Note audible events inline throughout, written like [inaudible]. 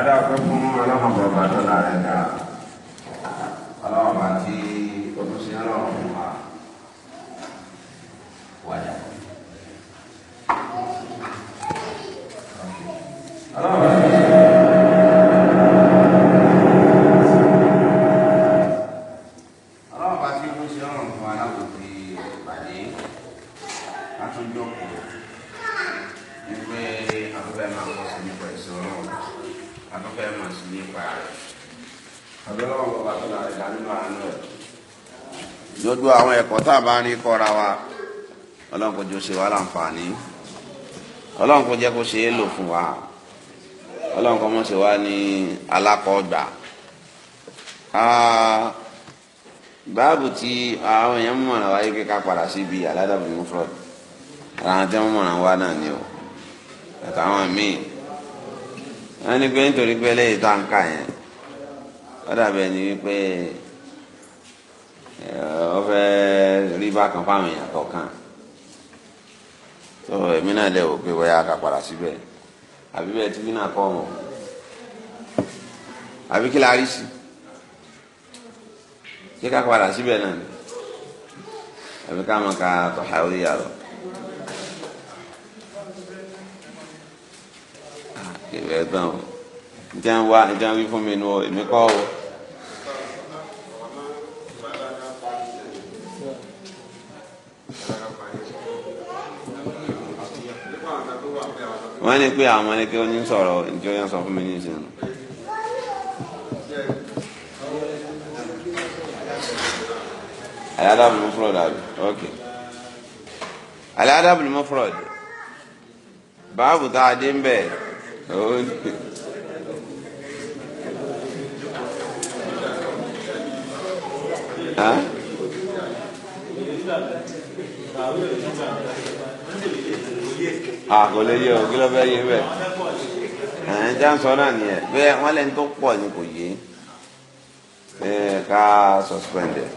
adáwọ̀pẹ́ fún ọlọ́run bàbá dọ́là rẹ̀ dá ọlọ́run bá tí ó tún sí ọlọ́run ní kọ́ra wa ọlọ́run kò jọ ṣe wá láǹfààní ọlọ́run kò jẹ́ kó ṣe é lò fún wa ọlọ́run kò mọ̀ ṣe wá ní alákọ̀ọ́gbà báàbù tí àwọn èèyàn mọ̀ràn wáyé kíkà padà síbi aládàbò ní fraud ara àwọn tí wọ́n mọ̀ràn wá náà ni o àtàwọn míì wọ́n ní pé nítorí pé lẹ́yìn tá yẹn ó dàbẹ̀ ni wípé. rí bákan fáwọn èèyàn kọ̀ọ̀kan tó èmi náà lè wò pé wọ́n yà ká padà síbẹ̀ àbí bẹ́ẹ̀ tí nínà kọ́ ọ̀hún àbí kí la rí sí ṣé ká padà síbẹ̀ náà ni àbí ká mọ̀ ká tọ̀hà orí yà lọ. ìwé ah, ẹ̀gbọ́n o ǹjẹ́ wá ǹjẹ́ wí fún mi nu èmi kọ́ o. wọ́n ní pé àwọn ẹni pé ó ní sọ̀rọ̀ ìjọ yẹn sọ fún mi ní ìsinmi. Al-Adab al-Mufrad àbí ok Al-Adab al-Mufrad báàbù tá a dé ń bẹ̀ ọ́ àkọlé ah, yẹ o kí ló fẹ́ yé bẹ́ẹ̀ ẹ̀ já ń sọ náà nìyẹn bẹ́ẹ̀ wọ́n lẹ́ni tó pọ̀ ni kò yé ẹ̀ ká suspend ẹ̀.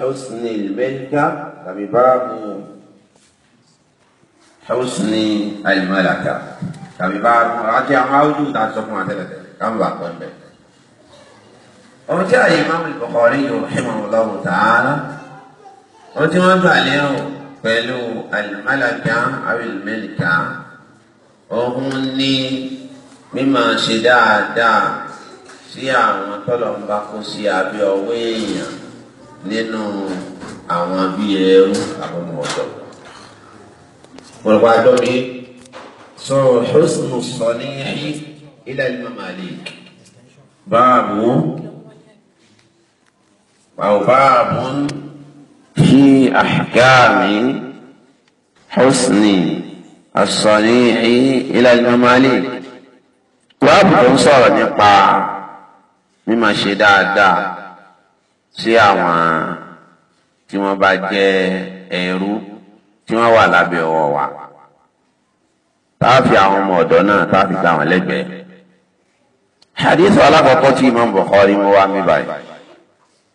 حسن الملكة تبي باب حسن الملكة tàbí bá rántí amáwùjú tá a sọ fún àtẹlẹtẹ káwọn bá pẹ́ mbẹ́. ọmọ tí àyè imáàmù Bukhari rahimahullahu ta'ala ọmọ tí wọ́n gbà lérò pẹ̀lú al-malaka aw al-milka ọ̀hún ní mímọ̀ ṣe dáadáa sí àwọn tọ́lọ̀ ń bá kó sí abẹ́ ọwọ́ èèyàn nínú àwọn bíi ẹrú àwọn ọmọ ọ̀dọ́. Mọ̀lùpá àjọ mi sọ Husnu Sanihi ila Imam Malik. Báàbù أو باب في أحكام حسن الصنيع إلى المماليك باب tó ń sọ̀rọ̀ nípa mímáa ṣe dáadáa sí àwọn tí wọ́n bá jẹ́ ẹrú tí wọ́n wà lábẹ́ ọwọ́ wa táàfì àwọn ọmọ ọ̀dọ́ náà táàfì gbà wọ́n lẹ́gbẹ̀ẹ́. hadith alákọ̀ọ́kọ́ tí imam bukhari mú wá mi báyìí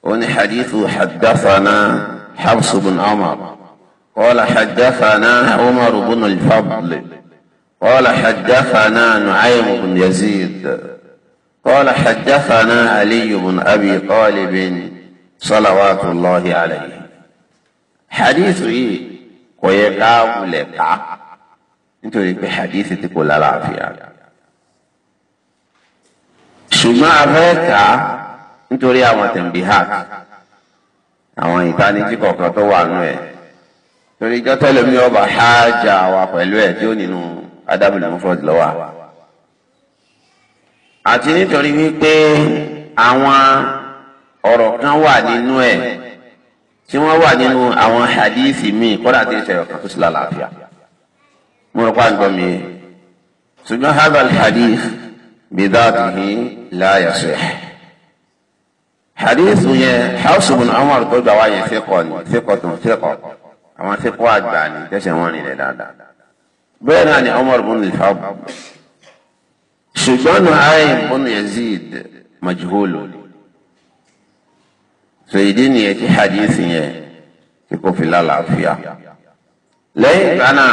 ó ní hadith haddathana habs bin umar qala umar bin al-fadl qala haddathana nu'aym yazid qala haddathana ali bin abi talib salawatullahi alayhi hadithu yìí kò yẹ ká wulẹ̀ ká nítorí pé hadithu ti kò lálàáfíà ṣùgbọ́n afẹ́ ká nítorí àwọn tẹ̀m̀bíhàk àwọn ìtanijí kọ̀ọ̀kan tó wà nù ẹ̀ torí ìjọ tẹ́lẹ̀ mi ọba hájà wa pẹ̀lú ẹ̀ tí ó nínú adábìlẹ̀ mufrod lọ́wọ́ àti nítorí wípé àwọn ọ̀rọ̀ kan wà nínú ẹ̀ tí wọ́n wà nínú àwọn hadisi míì kọ́dà tí ìṣẹ̀lẹ̀ kan tó sì lálàáfíà mo rò pa nǹkan mi ṣùgbọ́n hadal hadith bidatihi la yasih hadith yẹn Hafs ibn Umar tó gbà wá yẹn fíkọ ni fíkọ tó fíkọ àwọn fíkọ àgbà ni tẹ̀sẹ̀ wọn rìn dáadáa bẹ́ẹ̀ náà ni Umar ibn al-Khattab ṣùgbọ́n Nu'aym ibn Yazid majhulun so ìdí nìyẹn hajj hadisi yẹn tí kò fi lálàáfíà lẹ́yìn ìgbà náà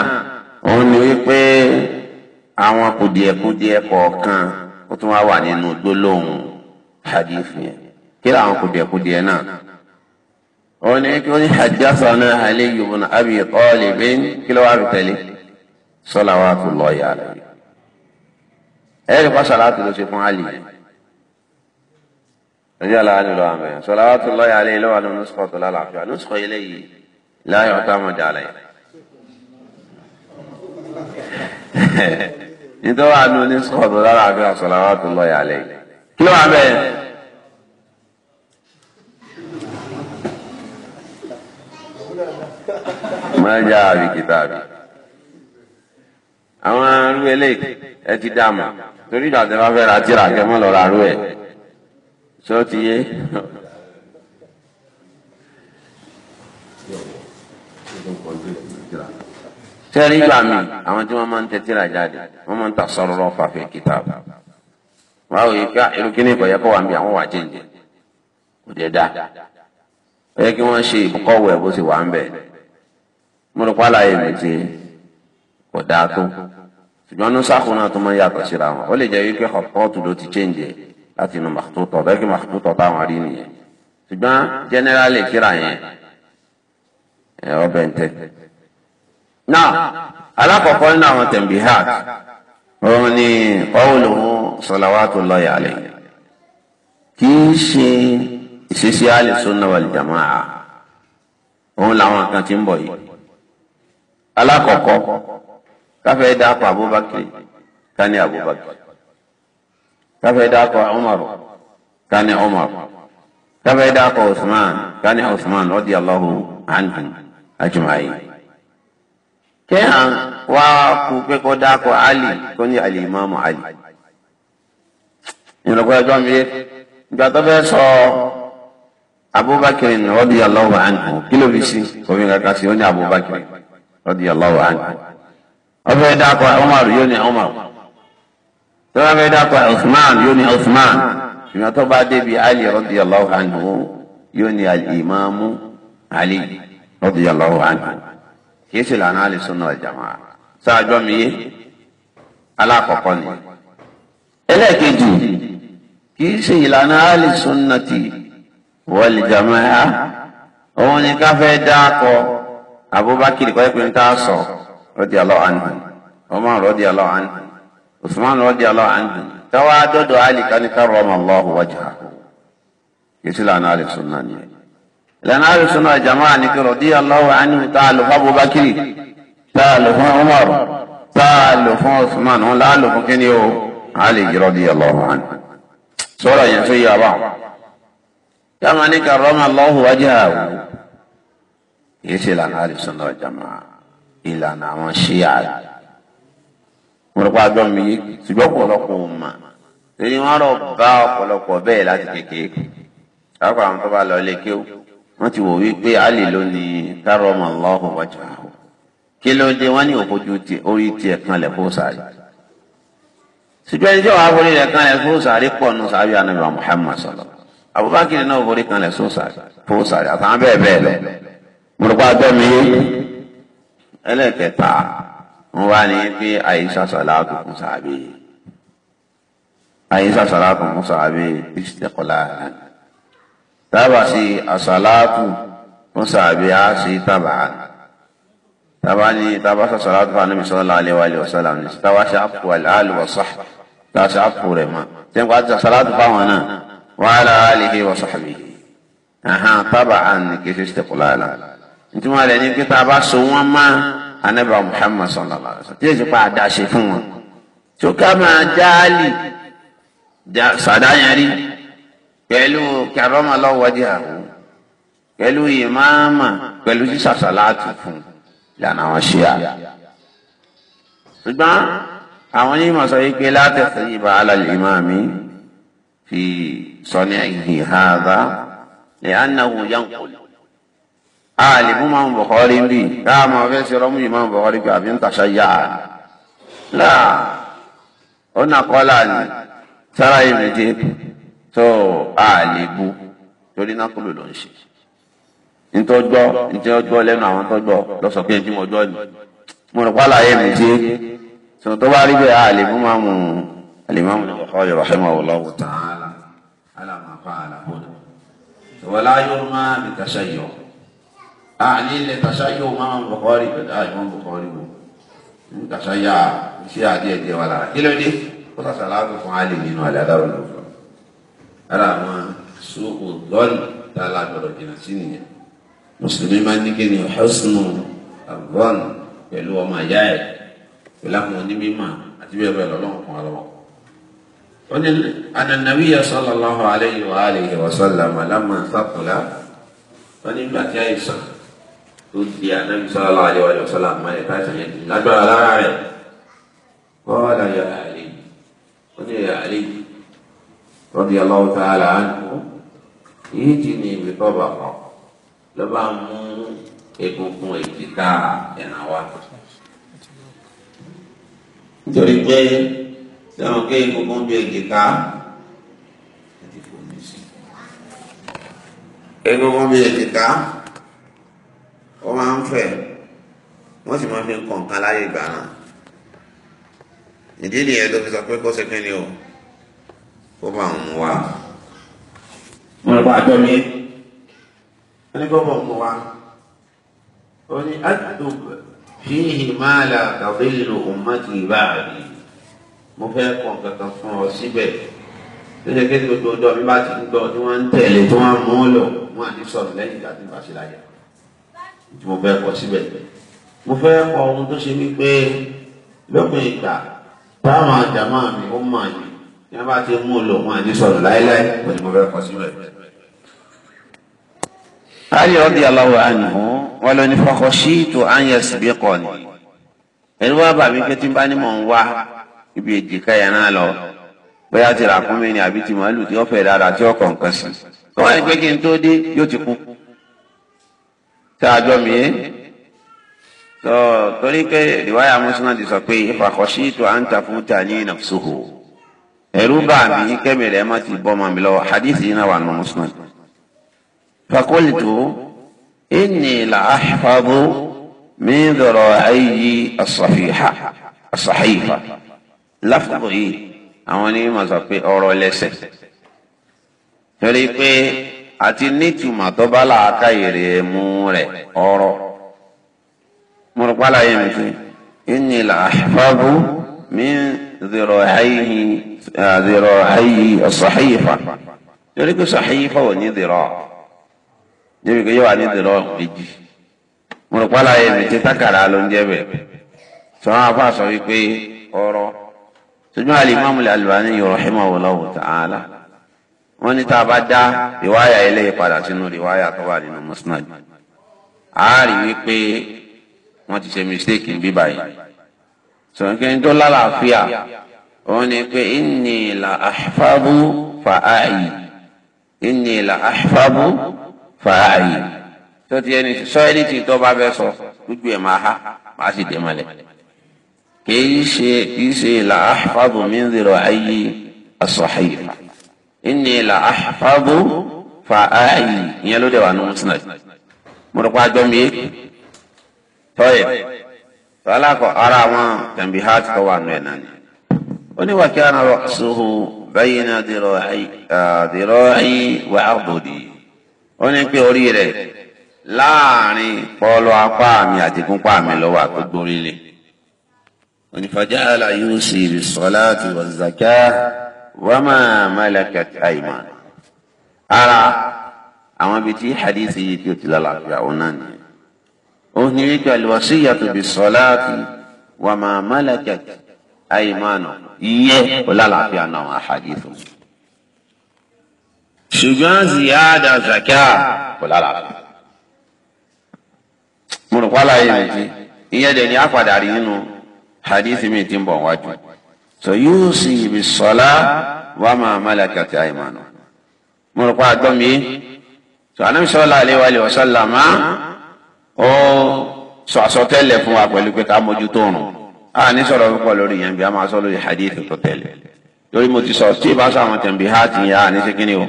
òun ni wípé àwọn kùdìẹ̀kùdìẹ̀ kọ̀ọ̀kan ó tún wá wà nínú gbólóhùn hadisi yẹn kí làwọn kùdìẹ̀kùdìẹ̀ náà òun ni wípé ó ní Abi Talib kí ló wá fi tẹ̀lé salawatullahi alayhi ẹ̀rí kọ́ sàlátù ló نجعل عن الوامع صلوات الله عليه لو أنه نسخة لا العافية نسخة إليه لا يعتمد عليه nítorí wà nù ní sọ̀tọ̀ lára àbí àṣọlàwà tó lọ yà lẹ́yìn kí ló wà bẹ́ẹ̀. máa já àbí kìtà àbí. àwọn arú eléyìí ẹ ti dá mà torí ìgbà tí wọn fẹ́ ra tíra kẹ́ mọ́ lọ́ọ́ ra arú ẹ̀. t'o ti ye? siri ijọ ami, awọn tima ma ntẹ tiraja di, wọn ma nta sọrọ lọ fafe kita. Bawo ike irughini kọ ya k'o wambi, awo o wa chenji. o de da. oye ki wọn se ibukọ wụ ewu ose wa mbe. mmiri Kwalla ye bese ọ daa to. nwanne nsakwụ na atụmatụ yaatọ sịrịa mụ, o le je ike kọtụ ndo o ti chenji. láti inú màkútọ̀ bẹ́ẹ̀ kí màkútọ̀ táwọn rí nìyẹn ṣùgbọ́n jẹ́nẹ́rálì kíra yẹn ẹ̀ ọbẹ̀ ń tẹ́. náà alákọ̀ọ́kọ́ nínú àwọn tẹ̀m̀bìhàt wọn ni ọ̀húnù sọ̀làwátò lọ́ọ̀yà alẹ́ kì í ṣe ìṣesí àlè sunna wal jamaa òun làwọn kan ti ń bọ̀ yìí. alákọ̀ọ́kọ́ káfẹ́ dápọ̀ Abubakar ká ní Abubakar káfẹ́ dákọ̀ Umar kání Umar káfẹ́ dákọ̀ Usman kání Usman radiyallahu anhu ajma'in. kéèyàn wá kú pé kó dákọ̀ Ali tó ní al-Imam Ali. ìrọ̀pọ̀ ẹjọ́ mi ìgbà tó fẹ́ sọ Abubakar radiyallahu anhu kí ló fi sí òfin kankan sí ó Abubakar radiyallahu anhu. ọbẹ̀ dákọ̀ Umar yóò ní Umar tó bá fẹ́ dákọ̀ Usman yóò ní Usman ṣùgbọ́n tó bá débi Ali radiyallahu anhu yóò ní al-Imamu Ali radiyallahu anhu kìí ṣe lànà Ali sunna wal jamaa sáájọ mi yé alákọ̀ọ́kọ́ ni ẹlẹ́ẹ̀kejì kìí ṣe ìlànà Ali sunnati wal jamaa òun ni ká fẹ́ dákọ̀ Abubakar kọ́ ẹ̀pẹ́ ń tà sọ radiyallahu anhu Umar radiyallahu anhu usman radiyallahu anhu tọ́wọ́ adọ́dọ̀ ali kani karrama allahu wajha yìí lànà alẹ́sùnà ni lànà alẹ́sùnà jama ni kí radiyallahu anhu tá a lò fún abubakar tá a lò fún umar tá a lò fún usman wọn là á lò fún kíni o ali radiyallahu anhu sọ̀rọ̀ yẹn tó yẹ abá kama ni karrama allahu wajha yìí lànà alẹ́sùnà jama ìlànà àwọn ṣíyà. mọ̀lọ́pọ̀ agbọ́n mi yé ṣùgbọ́n ọ̀pọ̀lọpọ̀ mà èyí wọn rọ̀ bá ọ̀pọ̀lọpọ̀ bẹ́ẹ̀ láti kékeré káàpọ̀ àwọn tó bá lọ ilé ti wò wípé Àlì ló ní kárọ̀mù ọlọ́hùn wájú kí ló dé wọ́n ní òkojú orí tiẹ̀ kanlẹ̀ fún ṣùgbọ́n ẹni tí fún pọ̀ nù Muhammad sọlọ Abubakar náà fún àtàwọn bẹ́ẹ̀ bẹ́ẹ̀ lọ wọ́n wá ní pé àyíṣà sàlátù fún sàábé àyíṣà sàlátù fún sàábé ìṣẹ̀kọ̀lá tábà sí àsàlátù fún sàábé á sí tábà tábà ní tábà sàlátù fún anábì sallallahu alaihi wa sallam ní tábà sí àpò àlù wọ̀sá tá a sì àpò rẹ̀ mọ́ tẹ́ńkọ́ àti sàlátù fáwọn náà wa ala alihi wa sahbihi tábà ní kì í ṣe ìṣẹ̀kọ̀lá nítorí wọn rẹ̀ ní pé tábà so wọ́n máa anábà Muhammad sallallahu alaihi wasallam tí èsì pa àdáṣe fún wọn tó ká máa jáàlì sàdáyẹrí pẹ̀lú kẹrọmọ lọ́wọ́dí àwọn pẹ̀lú ìmáàmà pẹ̀lú sísàsàlátù fún ìlànà àwọn ṣíà ṣùgbọ́n àwọn onímọ̀ sọ wípé látẹ̀sẹ̀ ìbá alàlè ìmáàmì fi sọ ní ìhìn hàdá lè ánàwó yànkùlù àlè mú máa ń bọ̀kọ́rí ń bì káàmù ọ̀fẹ́ sí ọlọ́mú yìí máa ń bọ̀kọ́rí pé àbí ń tàṣà yá láà ó nà kọ́lá ni sára yìí méje tó àlè bu torí náà kúlò ló ń ṣe ntọ́jọ́ ntọ́jọ́ àwọn tọ́jọ́ lọ sọ pé ẹbí mo jọ́ ni mo rò pálá yẹ méje tó tó bá rí bẹ́ẹ̀ àlè mú máa mú àlè máa mú ní bọ̀kọ́rí rahimahullahu ta'ala alàmàfà àlàbọ̀dọ̀ wala yurma bi tashayyuh àní ilẹ̀ tàṣáyé o máa ń bọ̀kọ́rí pẹ̀lú àìmọ́ bọ̀kọ́rí o tàṣáyà sí àdíẹ̀ díẹ̀ wà lára kí ló dé ó sàṣà láàbù fún alì nínú àlẹ́ adáwọ̀ ló fún ara àwọn sóòkù lọ́nù tá a lágbọ̀dọ̀ jìnnà sí nìyẹn mùsùlùmí máa ń ní kíni ọ̀hẹ́sùnù àgbọ̀n pẹ̀lú ọmọ àyá ẹ̀ pẹ̀lú àwọn onímọ̀ àti bẹ́ẹ̀ bẹ́ẹ̀ lọ́lọ́run kan lọ́wọ́ أن النبي صلى الله عليه وآله وسلم لما ثقل فنبت يسر tó di anabi sallallahu alayhi wa sallam mọ́lẹ̀ káàtì yẹn ti lágbára lára rẹ̀ kọ́ọ̀dà yà àlè ó ní yà àlè radiyallahu ta'ala anhu yìí ti ní ibi tọ́ba kan ló bá mú egungun èkìtà ẹ̀nà wa. nítorí pé sẹ́wọ̀n pé egungun bí èkìtà egungun bí èkìtà ó máa ń fẹ̀ wọ́n sì máa fi ń kọ nǹkan láyé ìgbà náà ìdí nìyẹn ló fi sọ pé kó ṣe kí ni o kó bá òun mú wa wọ́n lọ bá àjọ mi wọ́n ní kó bá òun mú wa ó ní àdùn fíhì máa là tàbílù ummati ba'di mo fẹ́ kọ nǹkan fún ọ síbẹ̀ tó ṣe gbogbo ọjọ́ mi bá ti ń gbọ́ tí wọ́n ń tẹ̀lé tí wọ́n ń mú lò wọ́n á ní sọ̀rọ̀ lẹ́yìn ìgbà tí wọ́n bá ṣe láyà tí mo fẹ́ kọ síbẹ̀ mo fẹ́ kọ ohun tó ṣe wípé lópin ìgbà táwọn àjàmá mi ó mọ̀ ní ní a bá ti mú un lò wọn àti sọ̀rọ̀ láéláé kò ní mo fẹ́ kọ síbẹ̀. Ali radiyallahu anhu wọn lọ ní fakhashitu an yasbiqani ẹni wá bàbí pé tí n bá ní mọ̀ ń wá ibi èjìká yẹn náà lọ bóyá ti ràkúnmí ni àbí ti màálù tí ó fẹ́ dára tí ó kọ̀ nǹkan sí. tọ́wọ́n ẹgbẹ́ kí n tó dé yóò ti kú ṣáájọ́ mi yé tọ́ torí pé ìwáyà mùsùlùmí ti sọ pé ìfàkọ́sí ètò à ń ta fún ta ní ìnàfṣòhò ẹ̀rú bá mi kẹ́mi rẹ̀ má ti bọ́ mọ́ mi lọ́wọ́ hadith yìí náà wà nù mùsùlùmí. fakultu inni la ahfadu min dọ̀rọ̀ ayi asafiha láfùkù yìí àwọn onímọ̀ sọ pé ọ̀rọ̀ lẹ́sẹ̀ torí pé àti nítumọ̀ tó bá làákà èrè mú rẹ̀ ọ̀rọ̀ mọ̀rọ̀pálá yẹn fi inni làáfàbù mi zèrò ayé ọ̀sàhìfà torí pé sàhìfà ò ní zèrò níbi kò yẹ wà ní zèrò méjì mọ̀rọ̀pálá yẹn fi ti tákàrà ló ń jẹ́ bẹ̀ wọn afa sọ wípé ọ̀rọ̀ sọjọ́ alimami Albani rahimahu Allahu ta'ala wọ́n ní tá a bá dá rìwáyà eléyìí padà sínú rìwáyà tó wà nínú musnad a rí wípé wọ́n ti ṣe mistake ń bí báyìí sọ̀nkẹ́ tó lálàáfíà wọ́n ní pé inni la ahfabu fa'ayi inni la ahfabu fa'ayi tó ti ẹni sọ ẹni tí tó bá fẹ́ sọ gbogbo ẹ̀ máa ha máa sì dé mọ́lẹ̀ kì í ṣe kì í ṣe la ahfabu min zero ayi asọ̀hìfà inni la ahfazu fa ayi ìyẹn ló dé wà ní musnad mo rò pé àjọ mi yé tọ́yẹ̀ tọ́lá kọ ara àwọn tẹ̀m̀bì ha ti kọ́ wà nù ẹ̀ náà ni. ó ní wàkí ara rọ suhu bayna dìrọ̀ọ́yì wà àbòdì ó ní pé orí rẹ̀ láàrin pọlọ apá mi àti gúnpá mi lọ́wọ́ àgbégbórí lè. onífàjà àlàyé ó sì rí sọ́lá àti wàzàkà wa ma malakat ayman ara àwọn ibi tí hadithi yìí tí ó ti lálàáfíà òun náà nìyẹn òun ni wípé alwasiyatu bisolati wa ma malakat aymanu iye ó lálàáfíà náà àwọn ahadithu ṣùgbọ́n ziyada zaka ó lálàáfíà mo rò pálá yìí nìyí ìyẹn dẹ̀ ni a padà rí nínú hadithi mi ti ń bọ̀ wájú so yusi bis-sala wa ma malakat aymanu mo rò pé àgbọ̀n mi so anabi sallallahu alaihi wa alihi wa sallam ó sọ àsọtẹ́lẹ̀ fún wa pẹ̀lú pé ká mójútó òrùn a ní sọ̀rọ̀ púpọ̀ lórí yẹn bí a máa sọ lórí hadith tó tẹ̀lé lórí mo ti sọ tí ìbá sọ àwọn tẹ̀m̀bí ha ti yá a ní sékíní o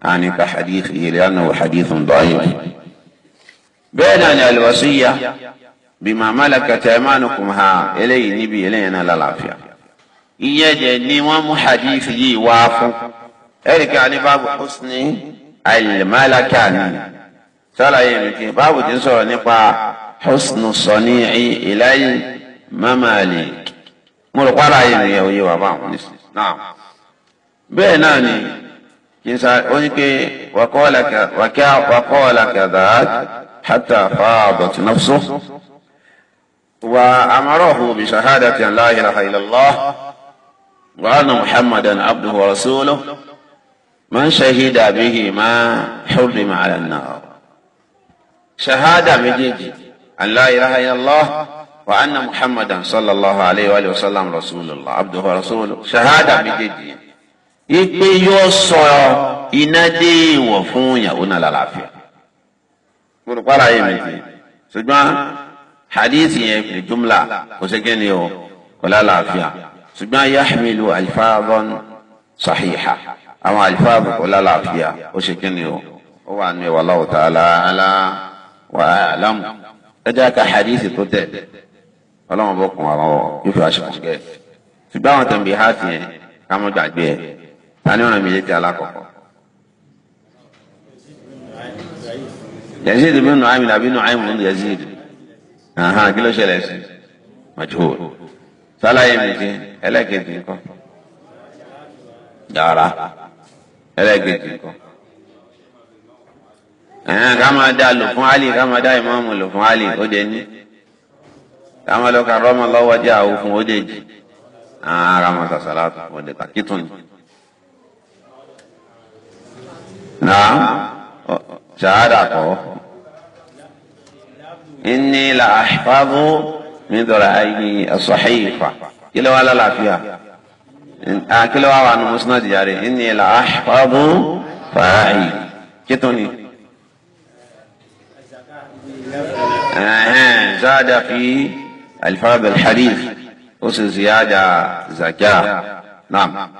a ní ka hadith yìí lè ànáwó hadith ń dọ̀ yìí. bẹ́ẹ̀ náà ni al-wasiyya bima malakat aymanukum ha eléyìí níbi eléyìí náà lálàáfíà ìyẹn dẹ̀ ni wọ́n mú hadith yìí wá fún ẹ̀ríkà ní báàbù husni alimalaka ni sálàyé mi kì í báàbù ti sọ̀rọ̀ nípa husnu sọ̀ni ìlàyé mamali mo rò pàrọ̀ ayé mi yẹ̀wò yìí wà báwọn nísìnyí náà bẹ́ẹ̀ náà ni kì í sáré ó pé wàkọ́ọ̀lá kàdá hátà fáàbọ̀ tí náà sọ. وأمره بشهادة أن لا إله إلا الله وأن محمدا عبده ورسوله من شهد به ما حرم على النار شهادة مجيجي أن لا إله إلا الله وأن محمدا صلى الله عليه وآله وسلم رسول الله عبده ورسوله شهادة مجيجي ipe yóò sọ iná dé ìwọ̀ fún ìyàwó náà lálàáfíà gbọdọ̀pára yìí méjì ṣùgbọ́n hadith yẹn jumla kò ṣe kí ni o kò lálàáfíà ṣùgbọ́n yahmilu alifáàbọ̀n sahiha àwọn alifáàbọ̀ kò lálàáfíà ó ṣe kí ni o ó wà ní wallahu ta'ala ala wa a'lam ẹ jẹ́ ká hadithi tó tẹ̀ ọlọ́run bó kun àwọn ìfẹ́ aṣọ́kẹ́ ṣùgbọ́n àwọn tẹ̀m̀bì ha ti yẹn ká mọ́ gbàgbé ẹ̀ ta ni ọ̀nà méjèèjì alákọ̀ọ́kọ́. yazid bin nu'aym àbí nu'aym bin yazid kí ló ṣẹlẹ̀ sí majhul sálàyé méje ẹlẹ́ẹ̀kejì nǹkan yàrá ẹlẹ́ẹ̀kejì nǹkan. ẹ̀hán ká máa dá lò fún Àlì ká máa dá ìmáàmù lò fún Àlì ó dé ní ká máa lọ ka rọ́mọ lọ́wọ́ jẹ́ àwọn fún ó dé jì ara máa sàṣàlá ó dé ká kítùn ní. ṣàádà kọ́ inni la من ذرائه الصحيفة كلا ولا لا فيها كلا ولا مسند جاري إني لا أحفظ فاعل كتوني آه زاد في الفرد الحديث وس زيادة زكاة نعم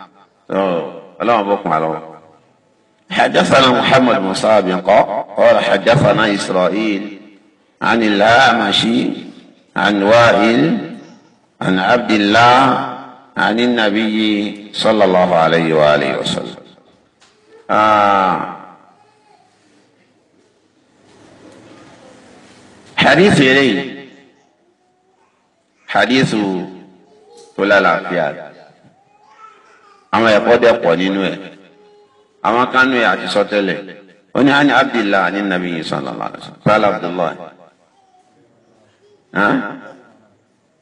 اللهم بكم على حدثنا محمد بن صابق قال حدثنا إسرائيل عن الهامشي عن وائل عن عبد الله عن النبي صلى الله عليه وآله وسلم آه حديث إليه حديث ولا العافيات أما يقول يقول نينوه أما كانوا يعتصوا تلي وني عن عبد الله عن النبي صلى الله عليه وسلم قال عبد الله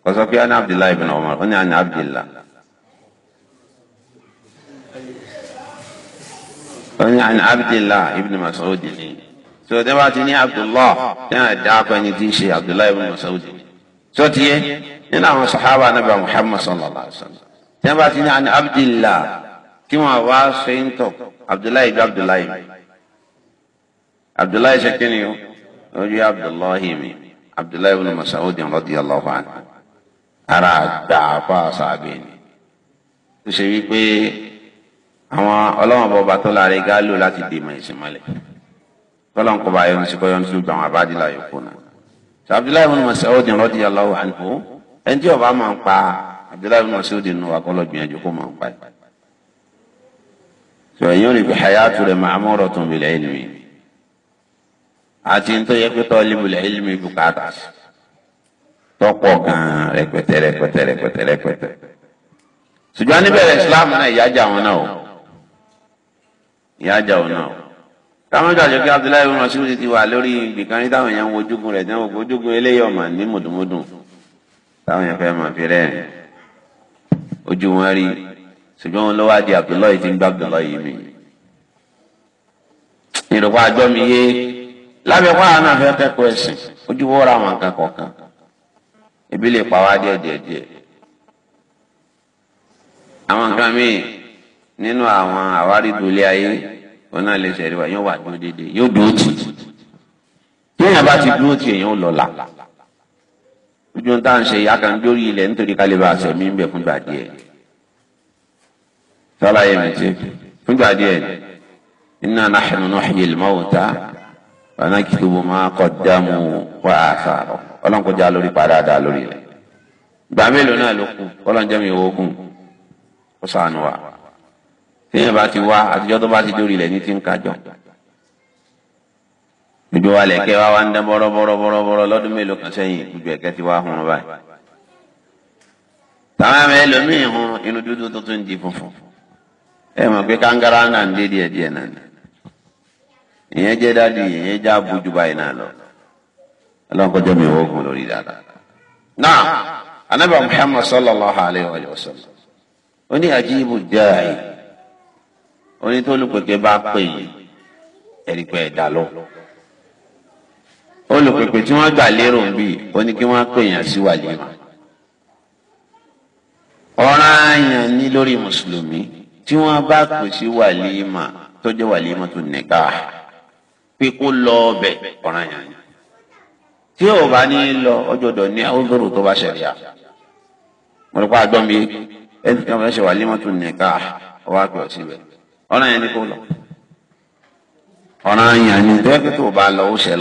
kò sọ pé ana abdullahi ibn umar ó ní ana abdillah ó ní ana abdillah ibn masoud ni tí o dábàá ti ní abdullah ní àná dáàkọ ẹni tí ń ṣe abdullahi ibn masoud ni tí o ti yẹ nínú àwọn sàhábà anábà muhammad sallallahu alaihi wa sallam tí wọn bá ti ní ana abdillah kí wọn wá ṣe ń tọ abdullahi ibn abdullahi abdullahi ṣe kí ni o ó abdullahi mi abdullahi ibn masaud radiyallahu anhu ara àgbà àfa sàbẹ̀ ni tó ṣe wípé àwọn ọlọ́wọ́n bọba tó láre gálò láti dèmọ ìsìnmọ́lẹ̀ tọ́lọ́n kọba ayọ́nu sí kọ́yọ́nu sí gbàwọn abádìlá yòókù náà sọ abdullahi ibn masaud radiyallahu anhu ẹni tí ọba máa ń pa abdullahi ibn masaud nù wà kọ́ lọ gbìyànjú kó máa pa ẹ̀ sọ èyí hayatu rẹ̀ ma'muratun bil ilmi àti tó yẹ pé tọ́límùlẹ̀ ilmi bùkátà tọ́pọ̀ gan-an rẹpẹtẹ rẹpẹtẹ rẹpẹtẹ rẹpẹtẹ. ṣùgbọ́n níbẹ̀rẹ̀ islam náà ìyájà wọn náà o ìyájà wọn náà o. táwọn ìjọ àjọkí abdullahi ibn Mas'ud ti wà lórí gbìkan ní táwọn èèyàn ń wojúgun rẹ̀ náà wojúgun eléyìí ọ̀mà ní mùdùmùdùn táwọn èèyàn fẹ́ máa fi rẹ́rìn ojú wọn rí ṣùgbọ́n wọn ló wá di abdullahi ti ń gbàgbọ́ lábẹ́ pàrọ̀ náà fẹ́ kẹ́kọ̀ọ́ ẹ̀sìn ojú wọ́n ra àwọn nǹkan kọ̀ọ̀kan ebi lè pa wá díẹ̀ díẹ̀ díẹ̀ àwọn nǹkan míì nínú àwọn àwárí ìdúlé ayé wọn náà lè ṣẹ̀rí wa yóò wà dúró déédéé yóò dúró tì tí èèyàn bá ti dúró tì èèyàn ò lọ́la ojú tá à ń ṣe ìyá kan dórí ilẹ̀ nítorí ká lè bá aṣọ mi ń bẹ̀ fúngbà díẹ̀ sọ́la yẹn mi ti fúngbà díẹ̀ inna nahnu nuhyil mawta ọ̀nàkìtìbù máa kọ dáàmú wá àṣàrọ̀ ọlọ́nkọjá lórí padà lórí ilẹ̀. ìgbà mélòó náà ló kù ọlọ́njẹ́ mi ò kù ó sànù wa. téèyàn bá ti wá àtijọ́ tó bá ti dórí ilẹ̀ ní ti ń kájọ. gbogbo wa lẹ̀kẹ́ wa wá ń dán bọ́rọ́ bọ́rọ́ bọ́rọ́ bọ́rọ́ lọ́dún mélòó kan sẹ́yìn gbogbo ẹ̀kẹ́ ti wá hun báyìí. táwọn ẹlòmíì hun inú dúdú tuntun di funfun. ẹ mọ̀ pé kángárá náà ń dé díẹ̀díẹ̀ náà ìyẹn jẹ́ dádì ìyẹn jẹ́ àbújú báyìí náà lọ ọlọ́run kọjọ́ mi wọ́n lórí dáadáa. náà anábà muhammad sallallahu alayhi wa sallam ó ní tó olùpèpè bá pè yín ẹ̀rí ẹ̀dá lọ. tí wọ́n gbà lérò ń bì ó ní kí wọ́n pè yàn ní lórí mùsùlùmí tí wọ́n bá pè pé kó lọ ọbẹ̀ ọ̀ràn yàn yàn tí ò bá ní lọ ọjọ́ dọ̀ ní ọdọ́rò tó bá ṣẹlẹ̀ à mo rí pa àgbọ̀n mi ẹni tí wọ́n ṣe wà límọ́tò nìka ọwọ́ àpẹ ọ̀sí bẹ̀ ọ̀ràn yẹn ni kó lọ ọ̀ràn yàn ni tó tó bá lọ ó ṣẹ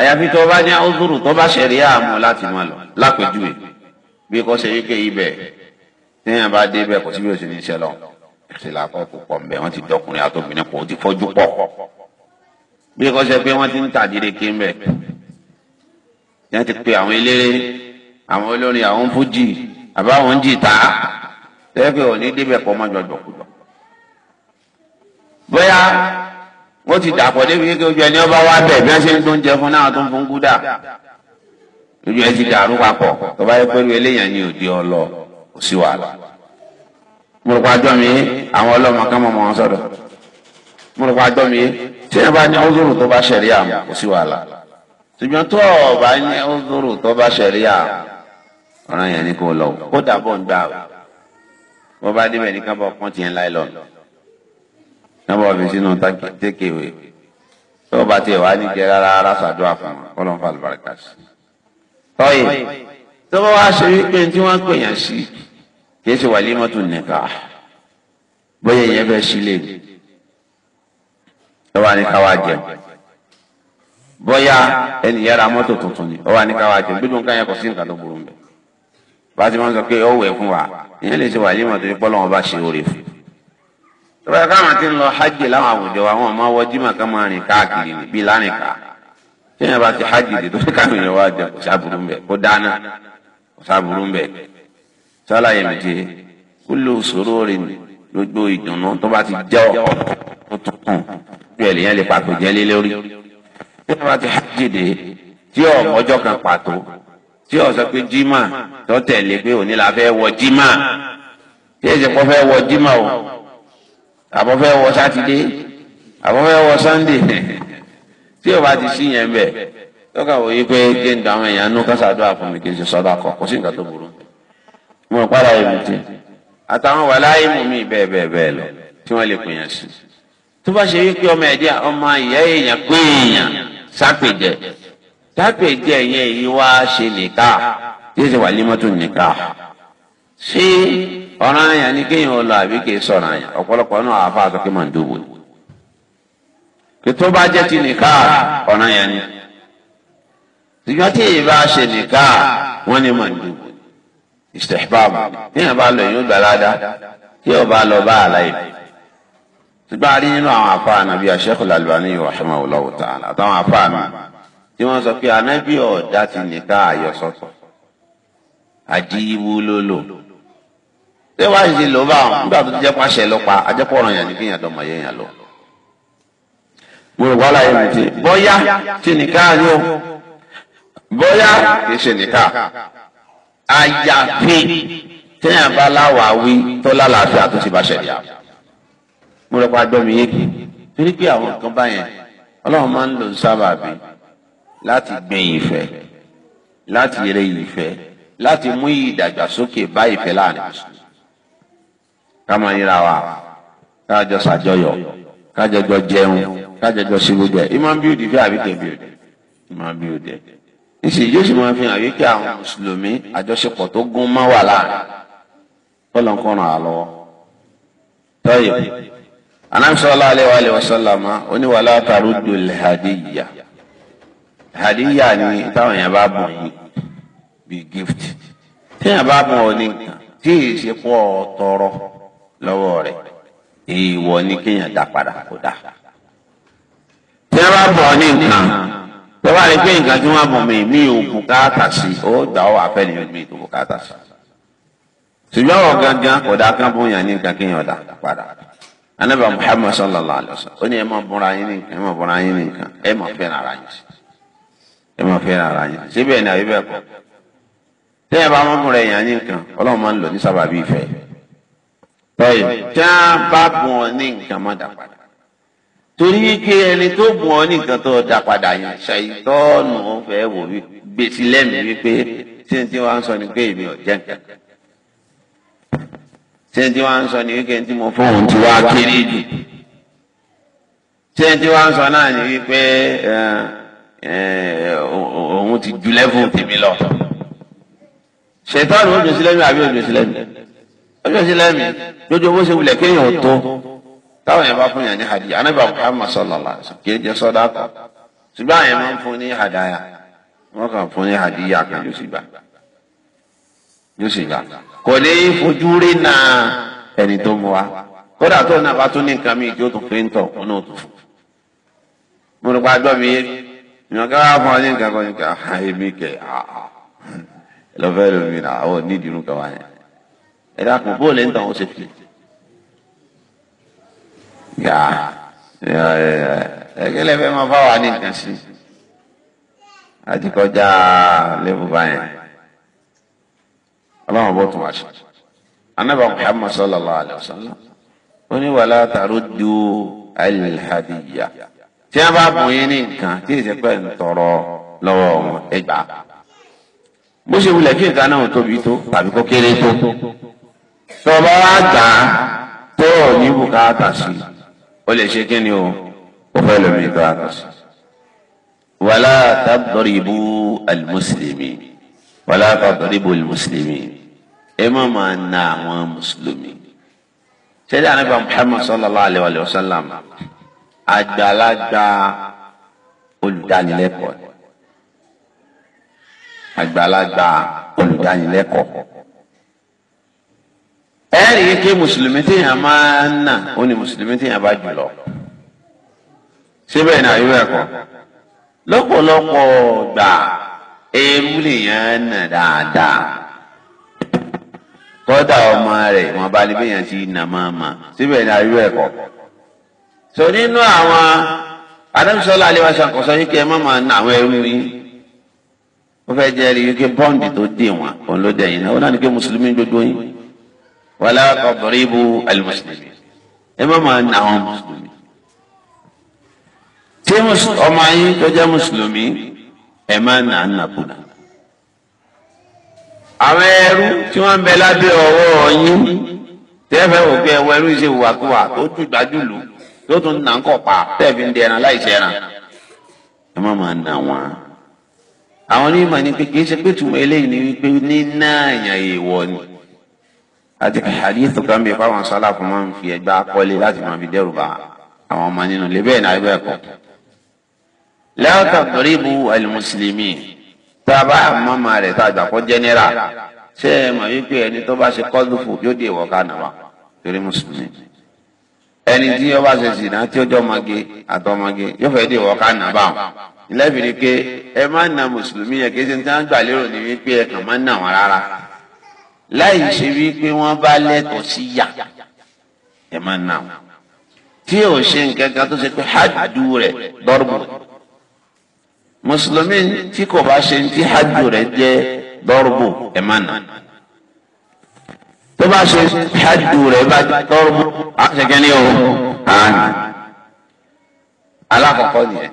àyàfi tó bá ní ọdọ́rò tó bá ṣẹlẹ̀ à láti má lọ lápèjúwe bí kò ṣe wípé ibẹ̀ téèyàn bá dé bẹ́ẹ̀ kò síbi òṣèlú ìṣẹ̀lọ̀ ṣẹlẹ̀ akọ púpọ̀ mbẹ wọn ti dọkùnrin àtọkùnrin pọ̀ ó ti fọ́jú pọ̀ bí kò ṣe pé wọn ti ń tàdíre kí mbẹ yẹn ti pe àwọn eléré àwọn olórin àwọn fújì àbáwọn jìtá tẹ́fẹ̀ òní débẹ̀ kọ́ mọ́jọ jọkùjọ bóyá wọ́n ti dàpọ̀ débi kékeré ojú ẹni ọba wa bẹ̀ bí wọ́n ṣe ń tó ń jẹ fún náà tó ń fún gúdà ojú ẹ ti dàrú papọ̀ tó bá yẹ pẹ̀lú eléyàn ní òde ọlọ kò sí wàhálà mo rò pa jọ mi àwọn ọlọ́mọ kan mọ̀ mọ́ wọn sọ̀dọ̀ mo rò pa jọ mi tí wọ́n bá ní ọ́zọ́rò tó bá ṣẹ̀rí àmọ́ kò sí wàhálà ṣùgbọ́n tó o bá ní ọ́zọ́rò tó bá ṣẹ̀rí àmọ́ ọ̀ràn yẹn ni kò lọ kó dàbọ̀ ń gbà bó bá débẹ̀ ní kábọ̀ pọ́n tiẹ̀ láì lọ kábọ̀ fi sínú tékèwé tó o bá tiẹ̀ wá ní jẹ rárá rárá ṣàdúrà fún wọn kọ́ ló tọ́yìn tó bá wá ṣe wípé tí wọ́n pèèyàn sí kì í ṣe wàlímọ́tò nìkan bóyá ìyẹn fẹ́ sílé ẹ wà ní káwá jẹ bóyá ẹnì yẹn ra mọ́tò tuntun ni ọ wà ní káwá jẹ gbẹdùn káyà kò sí nǹkan tó burú mbẹ bá a ti máa ń sọ pé ó wẹ̀ fún wa ìyẹn lè ṣe wàlímọ́tò ní pọ́lọ́wọ́n bá ṣe oore fún tọ́ba káwọn ti ń lọ hajj láwọn àwùjọ àwọn ọmọ wọ jimá kan máa rìn káàkiri bíi lánìí ká tíyẹn bá ti hajj dé tó káwọn èèyàn wá jẹ sálàyé mi ti kullu sururin gbogbo ìdùnnú tó bá ti jẹ́ ọ̀pọ̀ tó tún kàn bí ẹ̀lẹ́yìn lè pàtó jẹ́ lé lórí. bí wọ́n bá ti hajj dé tí ọmọ ọjọ́ kan pàtó tí ó sọ pé jimá tó tẹ̀lé pé òní la fẹ́ wọ jimá tí ẹ̀sẹ̀ kọ́ fẹ́ wọ jimá o àbọ̀ fẹ́ wọ sátidé àbọ̀ fẹ́ wọ sànńdé tí ó ti sí yẹn bẹ́ẹ̀ tọ́ka wòye pé kí n dàwọn èèyàn nú kásádùá fún mi kí n sí nǹkan tó burú mo padà yìí mùtí àtàwọn wà láyé mú mi bẹ́ẹ̀ bẹ́ẹ̀ bẹ́ẹ̀ lọ tí wọ́n lè pè yàn sí. tó bá ṣe wípé ọmọ ẹ̀dẹ́ ọmọ ìyá èèyàn pé èèyàn sápèjẹ sápèjẹ yẹn èyí wá ṣe nìka tí ṣe wà límọ́tò nìka. ṣé ọ̀ràn àyàn ni kéèyàn ó lọ àbí kì í sọ̀rọ̀ àyàn ọ̀pọ̀lọpọ̀ náà àáfàá sọ pé màndóbò ni. tó bá jẹ́ ti nìka ọ̀ràn àyàn ni. ṣùgbọ́n tí ì istihbab ní àbá lọ yóò gbà ládàá tí ọba lọ bá àlàyé ṣùgbọ́n a rí nínú àwọn afá ànábì Sheikh al-Albani rahimahullahu ta'ala àtàwọn afá mi tí wọ́n sọ pé ànábì ọ̀dá ti nìka àyọ̀sọ̀tọ̀ àdìwú ló lò ṣé wàá ṣe lò bá àwọn nígbà tó jẹ́ pàṣẹ lọ́pa ajẹ́pọ̀ ọ̀ràn yẹn ni kí yẹn dọ̀mọ̀ yẹn yẹn lọ. mo rò wàhálà yẹn ti bọ́yá ti nìka yóò bọ́yá kì í ṣe nìka àyàfi téèyàn bá láwàáwí tó lálàáfíà tó ti bá ṣẹlẹ̀ mo rọ pa gbọ́mi yéèkì torí pé àwọn nǹkan báyẹn ọlọ́run máa ń lò ń sábàbí láti gbin ìfẹ́ láti yẹrẹ ìfẹ́ láti mú ìdàgbàsókè bá ìfẹ́ láàrin mùsùlùmí ká máa yíra wa ká jọ ṣàjọyọ̀ ká jọ jọ jẹun ká jọ jọ ìmọ̀ bí òde àbí kẹ̀ bí òde ìmọ̀ bí òde ìsìn yóò sì máa fi hàn wípé àwọn mùsùlùmí àjọṣepọ̀ tó gún mọ́ wà láàrin kọ́lọ̀ ń kọ́ràn á lọ́wọ́. tọ́yọ̀ anamsọ́lá aléwà aléwà sọ́lámà oníwàlá taruddu lẹ́hàdíyà lẹ́hàdíyà ni táwọn èèyàn bá bùn yín bíi gift téèyàn bá bùn ọ ní tí èyí ṣe pọ̀ tọrọ lọ́wọ́ rẹ̀ èèwọ̀ ni kéèyàn dá padà kó dá. téèyàn bá bùn ọ ní tọ́ba rẹ pé nǹkan tí wọ́n bọ̀ mí mi ò bùkátà sí ó gbà ọ́ àfẹ́ ni mi ò bùkátà sí. ṣùgbọ́n ọ̀rọ̀ gangan ọ̀dà kan bóyá ní nǹkan kí n ọ̀dà padà. anábà Muhammad sallallahu alayhi wa sallam ó ní ẹ máa bọ́ra yín nìkan ẹ máa bọ́ra yín nìkan ẹ máa fẹ́ ara yín ẹ máa fẹ́ ara yín síbẹ̀ ní àbí bẹ́ẹ̀ kọ́. tẹ́yẹ̀ bá máa bọ́ra yín nìkan ọlọ́run máa ń lò ní sábàbí ìfẹ́. tẹ́yẹ̀ tí wọ́n bá bọ̀ ní nǹkan má dà padà torí kí ẹni tó bùn ọ nìkan tó dá padà yẹn ṣàìtọ́ọ̀nù fẹ́ wò wí gbèsè lẹ́mìí wípé ṣé n tí wàá ń sọ ni pé èmi ò jẹ́ nǹkan kan ṣé n tí wàá ń sọ ni wípé n tí mo fóun ti wá kéré jù ṣé n tí wàá ń sọ náà ni wípé òun ti ju lẹ́fún tèmi lọ ṣètọ́ọ̀nù ó jù sílẹ̀ mi àbí ó jù sílẹ̀ mi ó jù sílẹ̀ mi lójú owó ṣe wulẹ̀ kéèyàn tó táwọn yẹn bá fún yẹn ní hadiya anábà Muhammad sallallahu alaihi wasallam kì í jẹ sọdá kọ ṣùgbọ́n àwọn yẹn máa ń fún ní hadaya wọ́n kàn fún ní hadiya kan yóò sì gbà yóò sì gbà kò ní fojú rí na ẹni tó mu wa kódà tó náà bá tún ní nǹkan míì tí ó tún fi ń tọ̀ ọ̀nà òtún fún mo rò pa gbọ́ mi yé ìwọ̀n ká wá fún ọ ní nǹkan kan ní ká ẹ̀mí kẹ̀ lọ́fẹ́ lómi náà àwọn onídìrú kan wá yẹn ẹ̀dá kò bóòlù ń tàn ó ṣe fi yà ẹgẹlẹ fẹ máa fáwọn ní nǹkan sí àti kọjá lẹ́bù báyẹn ọlọ́run bó tún wá sí anábà Muhammad sallallahu alayhi wa sallam ó ní wàlá taruddu alhadiya tí a bá bùn yín ní nǹkan tí èsì pẹ́ ń tọrọ lọ́wọ́ wọn ẹgbà bó ṣe wulẹ̀ kí nǹkan náà tóbi tó tàbí kó kéré tó tọba àgbà tó ní bùkátà sí i ó lè ṣe kíni o ó fẹ́ lómi tó a kàn sí. wàlá tàbdọ̀rìbù alimusilemi wàlá tàbdọ̀rìbù alimusilemi ẹ má máa na àwọn mùsùlùmí. sẹ́dá anábà Muhammad sallallahu alayhi wa sallam àgbàlagbà olùdánilẹ́kọ̀ọ́ àgbàlagbà olùdánilẹ́kọ̀ọ́ ẹ̀rí kí mùsùlùmí téèyàn máa ń nà ó ní mùsùlùmí téèyàn bá jù lọ síbẹ̀ ní àyúwẹ̀ ẹ̀kọ́ lọ́pọ̀lọpọ̀ gbà èémú lèèyàn nà dáadáa kọ́dà ọmọ rẹ̀ wọn bá lè béèyàn ti nà máa mà síbẹ̀ ní àyúwẹ̀ ẹ̀kọ́ so nínú àwọn adámsọ́lá aléwàṣà kọ̀sọ́ yìí kí ẹ má máa nà àwọn ẹrú yìí ó fẹ́ jẹ́ rí i pé bọ́ǹdì tó dé wọn òun ló dẹ̀yìn náà ó náà ní pé mùsùlùmí gbogbo yìí. wàlá tadribu al-muslimin ẹ na àwọn tí ọmọ anyị tó jẹ́ mùsùlùmí ẹ má nà á tí wọ́n ń bẹ lábẹ́ ọwọ́ yín tẹ́fẹ́ ẹwọ ẹrú ṣe wàkúwà tó tún gbajúlù tó tún nà ń kọ̀pá tẹ́ẹ̀fì ń àwọn onímọ̀ ni pé kì àti hadithu kan bíi fáwọn sọ́là fún máa ń fi ẹgbẹ́ akọ́lé láti máa fi dẹ́rù bá àwọn ọmọ nínú ilé bẹ́ẹ̀ náà bẹ́ẹ̀ kọ́. la tadribu al-muslimin tá a bá mọ́mọ́ rẹ̀ tá a gbà kọ́ jẹ́nẹ́rà ṣé ẹ mọ̀ wípé ẹni tó bá ṣe kọ́lùfù yóò dé ìwọ̀ kan náà torí mùsùlùmí ẹni tí ó bá ṣe sìnà tí ó jọ ọmọge àtọmọge yóò fẹ́ dé ìwọ̀ náà bá wọn ìlẹ́bìrì pé ẹ má ẹ má láì ṣe wípé wọ́n bá lẹ́tọ̀ọ́ sí yà ẹ má nà ó tí ò ṣe nǹkan kan tó ṣe pé hajjú rẹ̀ dọ́rùbù mùsùlùmí tí kò bá ṣe ti hajjú rẹ̀ jẹ́ dọ́rùbù ẹ má nà tó bá ṣe hajjú rẹ̀ bá dọ́rùbù á ṣe kẹ́ni o àná alákọ̀ọ́kọ́ nìyẹn